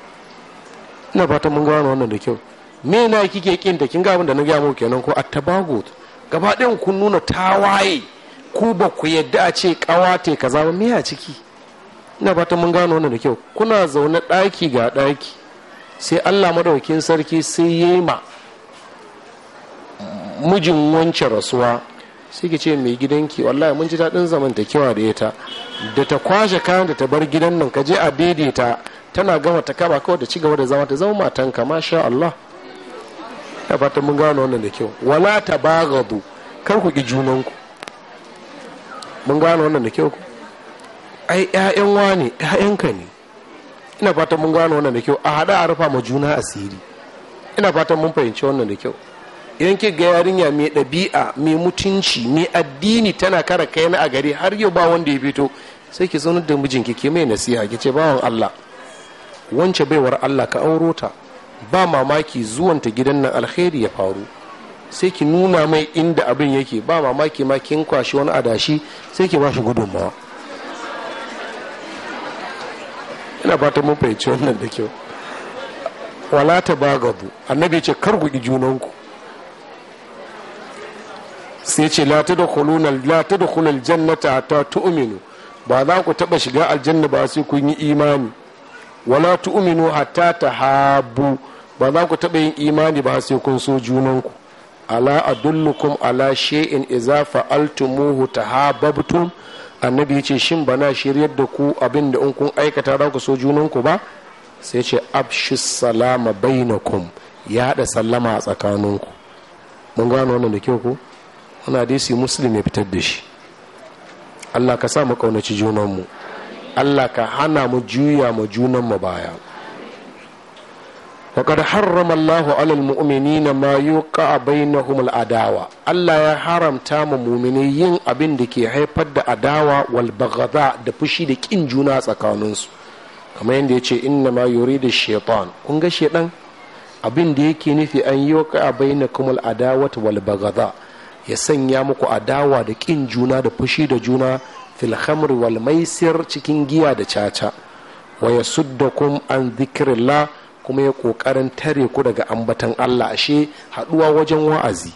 ina fatan mun gano wannan da kyau me na kike kin da kin ga abin da na gaya muku kenan ko attabago gaba ɗayan kun nuna tawaye ku ba ku yadda a ce kawate kaza ba me ya ciki ina fatan mun gano wannan da kyau kuna zaune ɗaki ga ɗaki sai allah madaukin sarki sai yi ma mijin wancan rasuwa sai ki ce mai gidanki wallahi mun ji daɗin zamantakewa da ita da ta kwashe kayan da ta bar gidan nan ka je a daidaita tana gama ta kaba kawai da ci gaba da zama ta zama matanka masha Allah ya fata mun gano wannan da kyau wala ta bagadu kar ku ki junanku mun gano wannan da kyau ai ƴaƴan wane ƴaƴanka ne ina fatan mun gano wannan da kyau a haɗa a rufa ma juna asiri ina fatan mun fahimci wannan da kyau idan ke ga yarinya mai ɗabi'a mai mutunci mai addini tana kara kai na a gari har yau ba wanda ya fito sai ki zaunar da mijinki ki mai nasiha ki ce bawan Allah wance baiwar Allah ka auro ta ba mamaki zuwan ta gidan nan alkhairi ya faru sai ki nuna mai inda abin yake ba mamaki ma kin kwashi wani adashi sai ki ba shi gudunmawa ina fata mun fahimci wannan da kyau wala ta ba gabu annabi ce kar ku junanku sai ce la ta da kulal jannata ta tu'minu ba za ku taba shiga aljanna ba sai kun yi imani wala tu'minu hatta ta habu ba za ku taba yin imani ba sai kun so junanku ala adullukum ala shay'in idza fa'altumuhu tahabbtum annabi ya ce shin bana shiryar da ku abin da in kun aikata za ku so junanku ba sai ce abshi salama bainakum ya haɗa sallama a tsakaninku mun gano wannan da kyau ko wani hadisi muslim ya fitar da shi allah ka sa mu ƙaunaci junanmu allah ka hana mu juya mu junanmu baya faqad harrama Allahu alal mu'minina ma yuqa bainahum al adawa Allah ya haramta mu mu'mini yin abin da ke haifar da adawa wal da fushi da ƙin juna tsakaninsu kamar yadda ya in inna ma da shaitan kun ga shaitan abin da yake nufi an yuqa bainakum adawa ta wal baghdha ya sanya muku adawa da ƙin juna da fushi da juna fil khamri wal maisir cikin giya da caca wa kum an dhikrillah kuma ya kokarin tare ku daga ambatan Allah ashe haduwa wajen wa'azi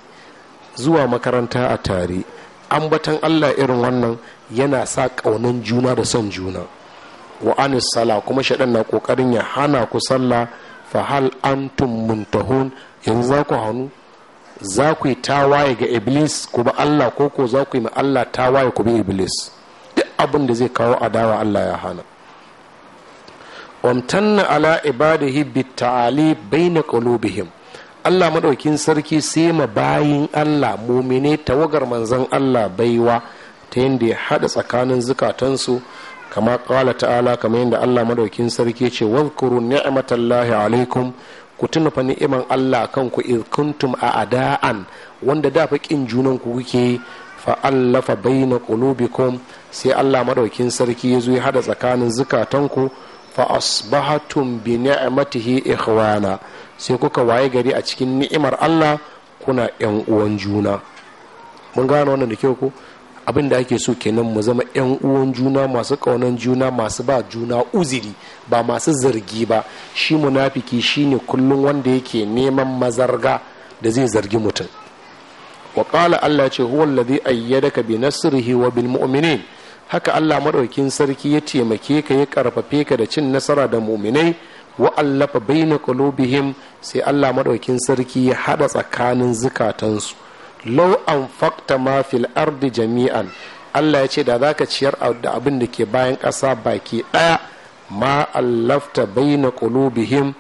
zuwa makaranta a tare ambatan Allah irin wannan yana sa kaunan juna da son juna wa anis sala kuma shaɗan na kokarin ya hana ku sallah fa hal antum muntahun yanzu za ku hannu za ku yi tawaye ga iblis ku ba Allah ko ko za ku yi ma Allah tawaye ku bi iblis duk abin da zai kawo adawa Allah ya hana wamtanna ala ibadihi bitta'ali baina qulubihim Allah madaukin sarki sai ma bayin Allah mumine tawagar manzon Allah baiwa ta yadda ya hada tsakanin zukatansu kama kala ta'ala kamar yadda Allah madaukin sarki ce wazkuru ni'matallahi alaikum ku tuna fa ni'iman Allah ku id kuntum a ada'an wanda da fa junan ku kuke fa allafa baina qulubikum sai Allah madaukin sarki yazo ya hada tsakanin zukatanku fa asbahatum bi ni'matihi ikhwana sai kuka waye gari a cikin ni'imar Allah kuna yan uwan juna mun gano wannan da kyau ko abin da ake so kenan mu zama yan uwan juna masu kaunan juna masu ba juna uziri ba masu zargi ba shi munafiki shine kullum wanda yake neman mazarga da zai zargi mutum wa Allah ce huwa allazi ayyadaka bi nasrihi wa bil mu'minin haka Allah maɗaukin sarki ya taimake ka ya karfafe ka da cin nasara da muminai wa allafa baina qulubihim sai Allah maɗaukin sarki ya haɗa tsakanin zukatansu law fakta ma fil ardi jami'an Allah ya ce da za ka ciyar da abin da ke bayan ƙasa baki ɗaya ma allafta baina qulubihim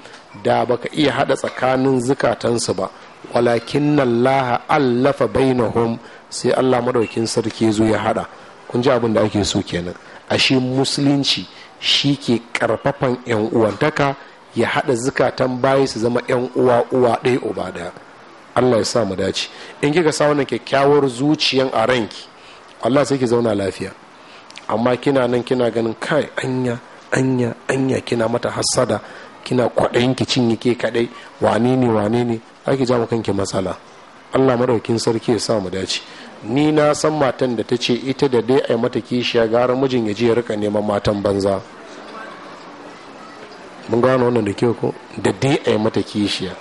da baka iya haɗa tsakanin zukatansu ba walakin Allah allafa bainahum sai Allah maɗaukin sarki zo ya haɗa kun ji abin da ake so kenan ashe musulunci shi ke karfafan yan uwantaka ya haɗa zukatan bayi su zama yan uwa uwa ɗaya uba ɗaya allah ya sa mu dace in kika sa wannan kyakkyawar zuciyan a ranki allah sai ki zauna lafiya amma kina nan kina ganin kai anya anya anya kina mata hassada kina kwaɗayin ki cinye ke kaɗai wane ne wane ne ake ja kanki matsala allah maɗaukin sarki ya sa mu dace ni na san matan da ta ce ita da dai a yi mata kishiya gara mijin ya je ya rika neman matan banza mun gano wannan da kyau ko da dai a yi mata kishiya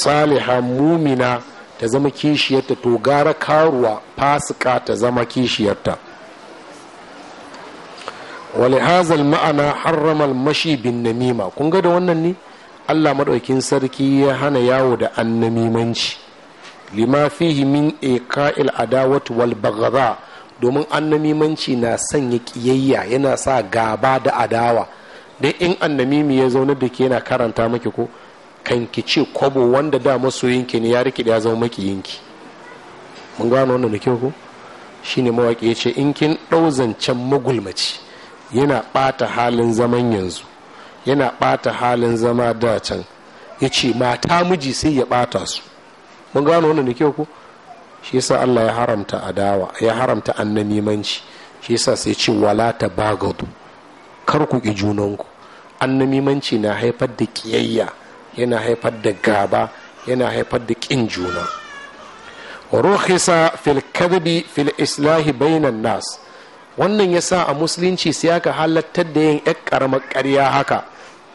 saliha mumina ta zama kishiyarta to gara karuwa fasika ta zama kishiyarta wale hazal ma'ana harramal mashi bin namima kun ga da wannan ne allah maɗaukin sarki ya hana yawo da annamimanci lima fihi min iqa'il adawat wal bagaza domin annamimanci na sanya kiyayya yana sa gaba da adawa dai in annamimi ya zauna da ke yana karanta maki ko kan ki ce kwabo wanda da ki ne ya rike ya zama yinki mun gano wannan da kyau ko shine mawaki ya ce in kin ɗau zancen magulmaci yana ɓata halin zaman yanzu yana ɓata halin zama da can ya ce mata miji sai ya ɓata su mun gano wannan da kyau ko shi yasa Allah ya haramta adawa ya haramta annamimanci shi yasa sai ce wala ta bagadu kar ku ki junanku annamimanci na haifar da kiyayya yana haifar da gaba yana haifar da kin juna ruhisa fil kadbi fil islahi bainan nas wannan yasa a musulunci sai aka halattar da yin yar karamar ƙarya haka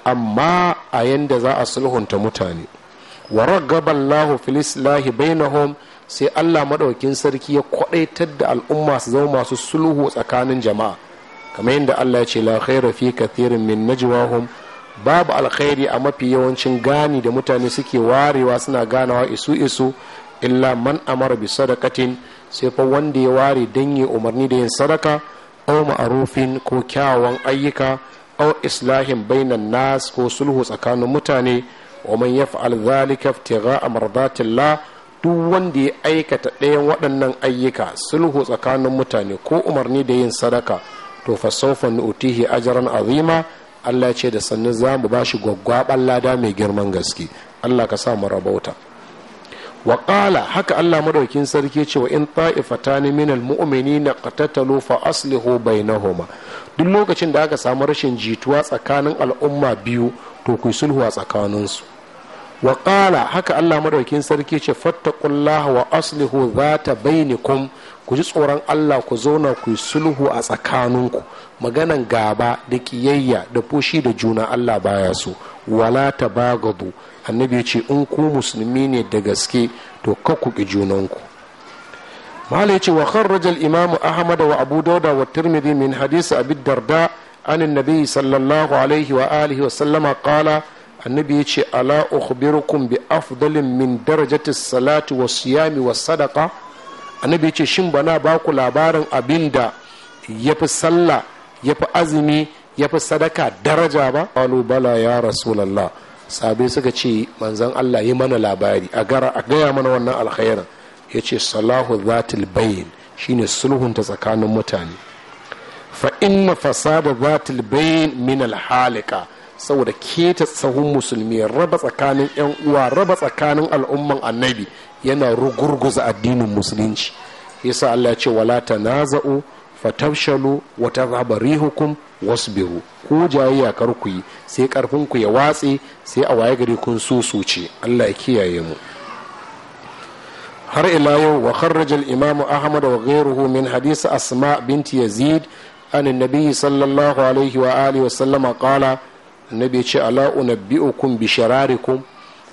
amma a yanda za a sulhunta mutane wa ragaballahu filislahi bainahum sai Allah maɗaukin sarki ya kwaɗaitar da al'umma su zama masu sulhu tsakanin jama'a kamar yadda Allah ya ce la khaira fi kathirin min najwahum babu alkhairi a mafi yawancin gani da mutane suke warewa suna ganawa isu isu illa man amara bi sadaqatin sai fa wanda ya ware dan yi umarni da yin sadaka aw ma'rufin ko kyawawan ayyuka au islahin bainan nas ko sulhu tsakanin mutane wa man yaf'al dhalika ibtigha'a mardatillah duk wanda ya aikata ɗayan waɗannan ayyuka sulhu tsakanin mutane ko umarni da yin sadaka to fa sawfa nu'tihi ajran azima Allah ce da sannu za mu bashi gwaggwaban lada mai girman gaske Allah ka sa mu rabauta wa qala haka Allah madaukin sarki ce wa in ta'ifatan min almu'minina qatatalu fa aslihu bainahuma duk lokacin da aka samu rashin jituwa tsakanin al'umma biyu to ku sulhu a tsakaninsu wa haka Allah madaukin sarki ce fattaqullaha wa aslihu ta kum ku ji tsoron Allah ku zauna ku yi sulhu a tsakaninku maganan gaba da ƙiyayya da fushi da juna Allah baya so wala ta tabagadu annabi ya ce in ku musulmi ne da gaske to ka ku junanku mala ya ce wa kharraja imam ahmad wa abu dauda wa tirmidhi min hadisi abid darda an annabi sallallahu alaihi wa alihi wa sallama qala annabi ya ce ala ukhbirukum bi afdalin min darajati salati wa siyami wa sadaka annabi ya ce shin bana ba ku labarin abin da ya fi sallah ya fi azumi ya fi sadaka daraja ba qalu bala ya rasulallah sabe suka ce manzon Allah yi mana labari a gara a gaya mana wannan alkhairin ya ce salahu zatil bayin shine sulhunta tsakanin mutane fa inna da zatil bayin min alhalika saboda keta tsahon musulmi raba tsakanin yan uwa raba tsakanin al'umman annabi yana rugurguza addinin musulunci yasa Allah ce wala tanaza'u fatabshalu wa tadhhaba rihukum wasbiru ko jayayya kar ku yi sai karfin ku ya watse sai a waye gari kun susuce Allah ya kiyaye mu har ila yau wa kharraja al imam ahmad wa ghayruhu min hadith asma binti yazid an an-nabi sallallahu alaihi wa alihi wa sallama qala annabi ya ce ala unabbi'ukum bi shararikum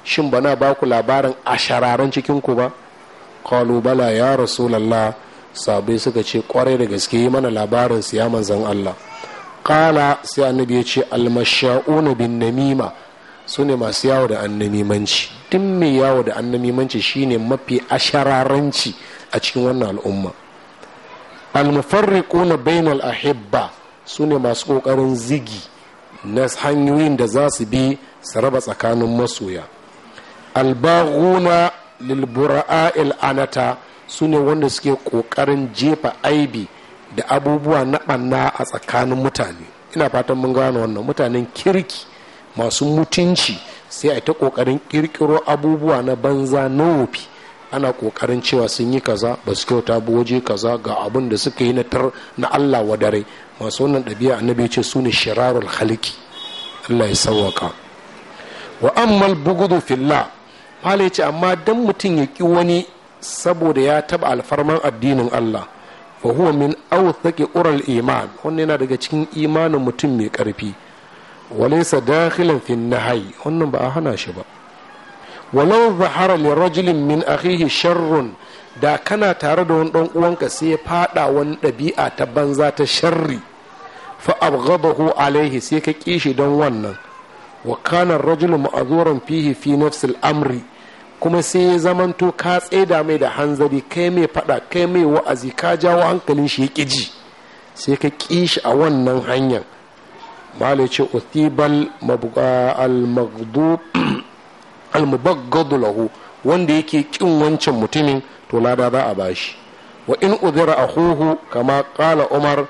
shin bana ba ku labarin ashararan cikin ku ba qalu bala ya rasulullah sabai suka ce kwarai da gaske yi mana labarin su ya manzan Allah qala sai annabi ya ce mashauna bin namima su masu yawo da annamimanci duk mai yawo da annamimanci shine mafi ashararanci a cikin wannan al'umma mufarriquna bainal ahibba sune masu kokarin zigi na hanyoyin da za su bi su raba tsakanin masoya albaguna lilbura'a'il anata su ne wanda suke kokarin jefa aibi da abubuwa na ɓanna a tsakanin mutane ina fatan mun gano wannan mutanen kirki masu mutunci sai a ta kokarin kirkiro abubuwa na banza na wofi ana kokarin cewa sun yi kaza ba su kyauta waje kaza ga abin da suka yi na tar na allah wadare masu wannan ɗabi'a annabi ce su ne shirarul halki allah ya sawwaka wa ammal bugudu fillah malai ce amma dan mutum ya ƙi wani saboda ya taɓa alfarman addinin allah fa huwa min awthaqi ural iman wannan yana daga cikin imanin mutum mai ƙarfi walaysa dakhilan fi nahyi wannan ba a hana shi ba walau zahara li rajulin min akhihi sharrun da kana tare da wani ɗan uwanka sai ya fada wani ɗabi'a ta banza ta sharri fa abghadahu alaihi sai ka kishi don wannan wa kana rajulu ma'azuran fihi fi nafsil amri kuma sai ya zamanto ka tsaida mai da hanzari kai mai fada kai mai wa'azi ka jawo hankalin shi ya ji sai ka kishi a wannan hanyar malai ce uthibal al lahu wanda yake kin wancan mutumin to lada za a bashi wa in a huhu kama kala umar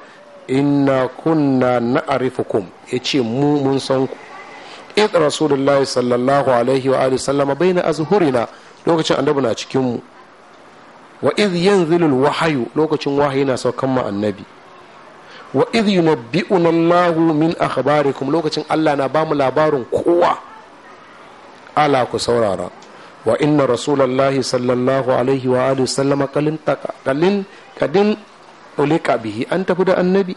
inna kunna na'rifukum yace mu mun san ku id rasulullah sallallahu alaihi wa alihi sallama na azhurina lokacin annabi na cikin mu wa id yanzilu alwahyu lokacin wahayi na saukan mu annabi wa id yunabbi'una allah min akhbarikum lokacin allah na bamu labarin kowa ala ku saurara wa inna rasulallahi sallallahu alaihi wa alihi sallam kalin kalin kadin ulika bihi an tafi da annabi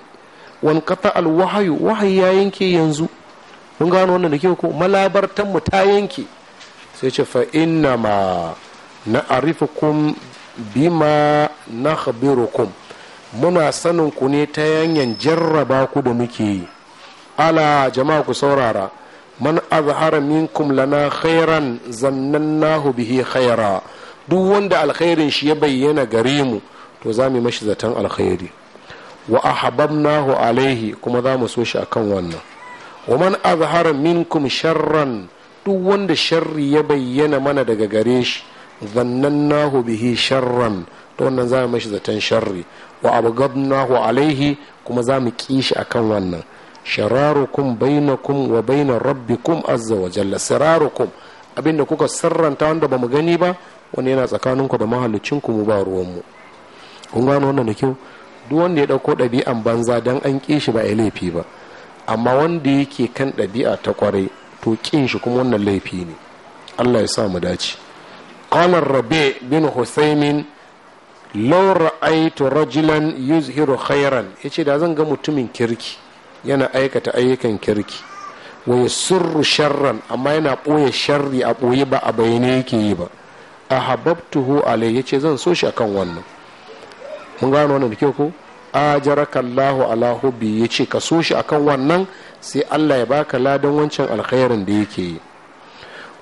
wan qata al wahyu wahyi ya yanke yanzu mun gano wannan da ko malabartan mu ta yanke sai ce fa inna ma na'rifukum bima nakhbirukum muna sanin ku ne ta yanyan jarraba ku da muke ala jama'a ku saurara man azhara minkum lana khairan zannannahu bihi khaira duk wanda alkhairin shi ya bayyana gare mu to za mu mashi zaton alkhairi wa ahabbnahu alaihi kuma za mu so shi akan wannan wa man azhara minkum sharran duk wanda sharri ya bayyana mana daga gare shi zannannahu bihi sharran to wannan za mu mashi zaton sharri wa abghadnahu alaihi kuma za mu kishi akan wannan shararukum bainakum wa baina rabbikum azza wa jalla sirarukum abinda kuka sirranta wanda ba mu gani ba wani yana tsakanin ku da mahalicinku mu ba ruwan mu kun gano wannan da kyau duk wanda ya dauko dabi'an banza dan an kishi shi ba laifi ba amma wanda yake kan dabi'a ta kwarai to kin shi kuma wannan laifi ne Allah ya sa mu dace qala rabi bin husaymin law ra'aytu rajulan yuzhiru khayran yace da zan ga mutumin kirki yana aikata ayyukan kirki wai surru sharran amma yana ɓoye sharri a ɓoye ba a bayyane yake yi ba a hababtuhu alai ya ce zan so shi akan wannan mun gano wannan da kyau ko ajaraka Allahu ala hubbi ya ce ka so shi akan wannan sai Allah ya baka ladan wancan alkhairin da yake yi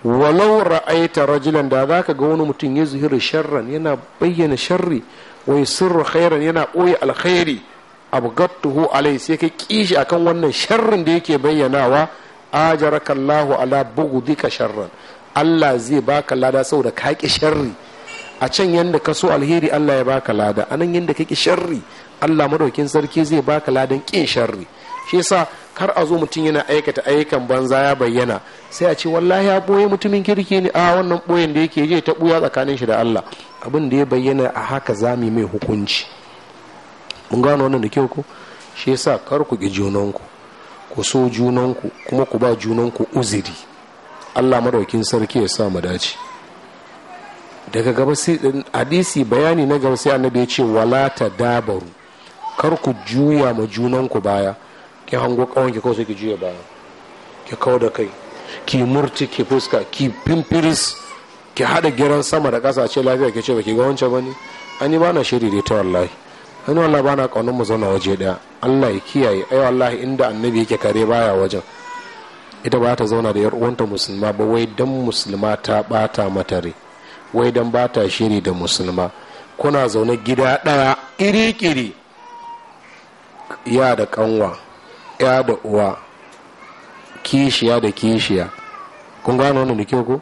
walau ra'aita rajulan da zaka ga wani mutum ya zuhiri sharran yana bayyana sharri wai sirru khairan yana ɓoye alkhairi abgattuhu alai sai ka kishi akan wannan sharrin da yake bayyanawa ajaraka Allahu ala bughdika sharran Allah zai baka lada saboda ka ki sharri a can yanda ka so alheri Allah ya baka lada anan yanda ka ki sharri Allah madaukin sarki zai baka ladan kin sharri shi yasa kar a zo mutum yana aikata ayyukan banza ya bayyana sai a ce wallahi ya boye mutumin kirki ne a wannan boyen da yake je ta buya tsakanin shi da Allah abin da ya bayyana a haka zami mai hukunci mun gano wannan da kyau ko shi yasa kar ku ki junanku ku so junanku kuma ku ba junanku uziri Allah madaukin sarki ya sa mu dace daga gaba sai hadisi bayani na gaba sai annabi ya ce wala ta dabaru kar ku juya ma junanku baya ki hango kawon ki kawai sai ki juya baya ki kawo da kai ki murti ki fuska ki pimpiris ki hada giran sama da ƙasa ce lafiya ki ce ba ki ga wancan bane ani ba na shiri dai ta wallahi wani wallahi ba na kaunar mu zauna waje daya Allah ya kiyaye ai wallahi inda annabi yake kare baya wajen ita ba ta zauna da yar uwanta musulma ba wai dan musulma ta bata mata rai wai dan bata shiri da musulma kuna zaune gida ɗaya kiri kiri ya da kanwa ya da uwa kishiya da kishiya kun gano wannan da kyau ko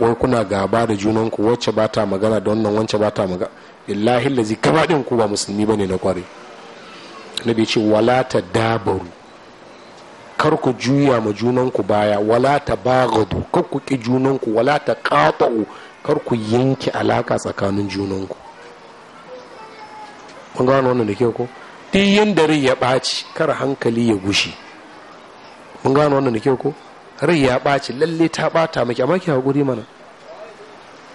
wai kuna gaba da junanku wacce ba ta magana da wannan wacce ba ta magana illahi lazi gaba ɗin ku ba musulmi ba ne na kware nabi ce wala ta dabaru kar ku juya ma junanku baya wala ta bagadu kar ku ki junanku wala ta qata'u kar ku yanke alaka tsakanin junanku kun gano wannan da ke ko duk yin dare ya ɓaci kar hankali ya gushi mun gano wannan da ke ko rai ya ɓaci lalle ta ɓata maki amma ki haƙuri mana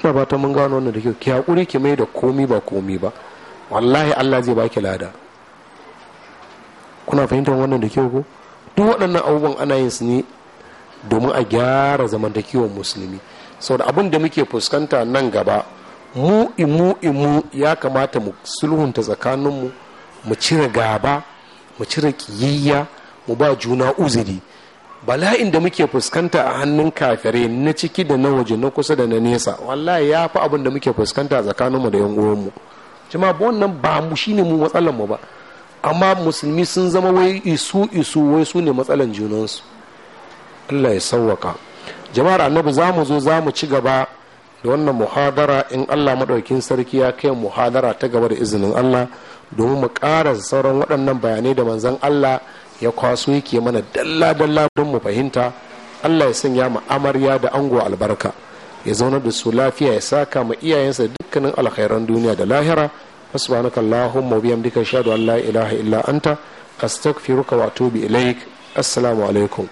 ba ta mun gano wannan da kyau ki haƙuri ki mai da komi ba komi ba wallahi Allah zai baki lada kuna fahimtar wannan da kyau ko duk waɗannan abubuwan ana yin su ne domin a gyara zamantakewar musulmi saboda abin da muke fuskanta nan gaba mu imu imu ya kamata mu sulhunta tsakaninmu mu cire gaba mu cire kiyayya mu ba juna uzuri bala'in da muke fuskanta a hannun kafirai na ciki da na waje na kusa da na nesa wallahi ya fi abin da muke fuskanta a tsakaninmu da yan uwanmu jama'a wannan ba mu shine mu matsalan mu ba amma musulmi sun zama wai isu isu wai su ne matsalan junansu Allah ya sauwaka jama'ar annabi za mu zo za mu ci gaba da wannan muhadara in Allah maɗaukin sarki ya kai muhadara ta gaba da izinin Allah domin mu ƙara sauran waɗannan bayanai da manzon Allah ya kwaso yake mana dalla-dalla don mu fahimta allah ya sanya mu amarya da ango albarka ya zauna da su lafiya ya saka ma iyayensa dukkanin alkhairan duniya da lahira subhanaka allahumma wa bihamdika ashhadu an la ilaha illa anta astaghfiruka wa atubu ilaik assalamu alaikum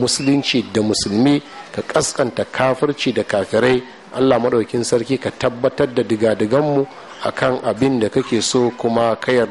musulunci da musulmi ka kaskanta kafirci da kafirai allah maɗaukin sarki ka tabbatar da diga-diganmu akan abin da kake so kuma ka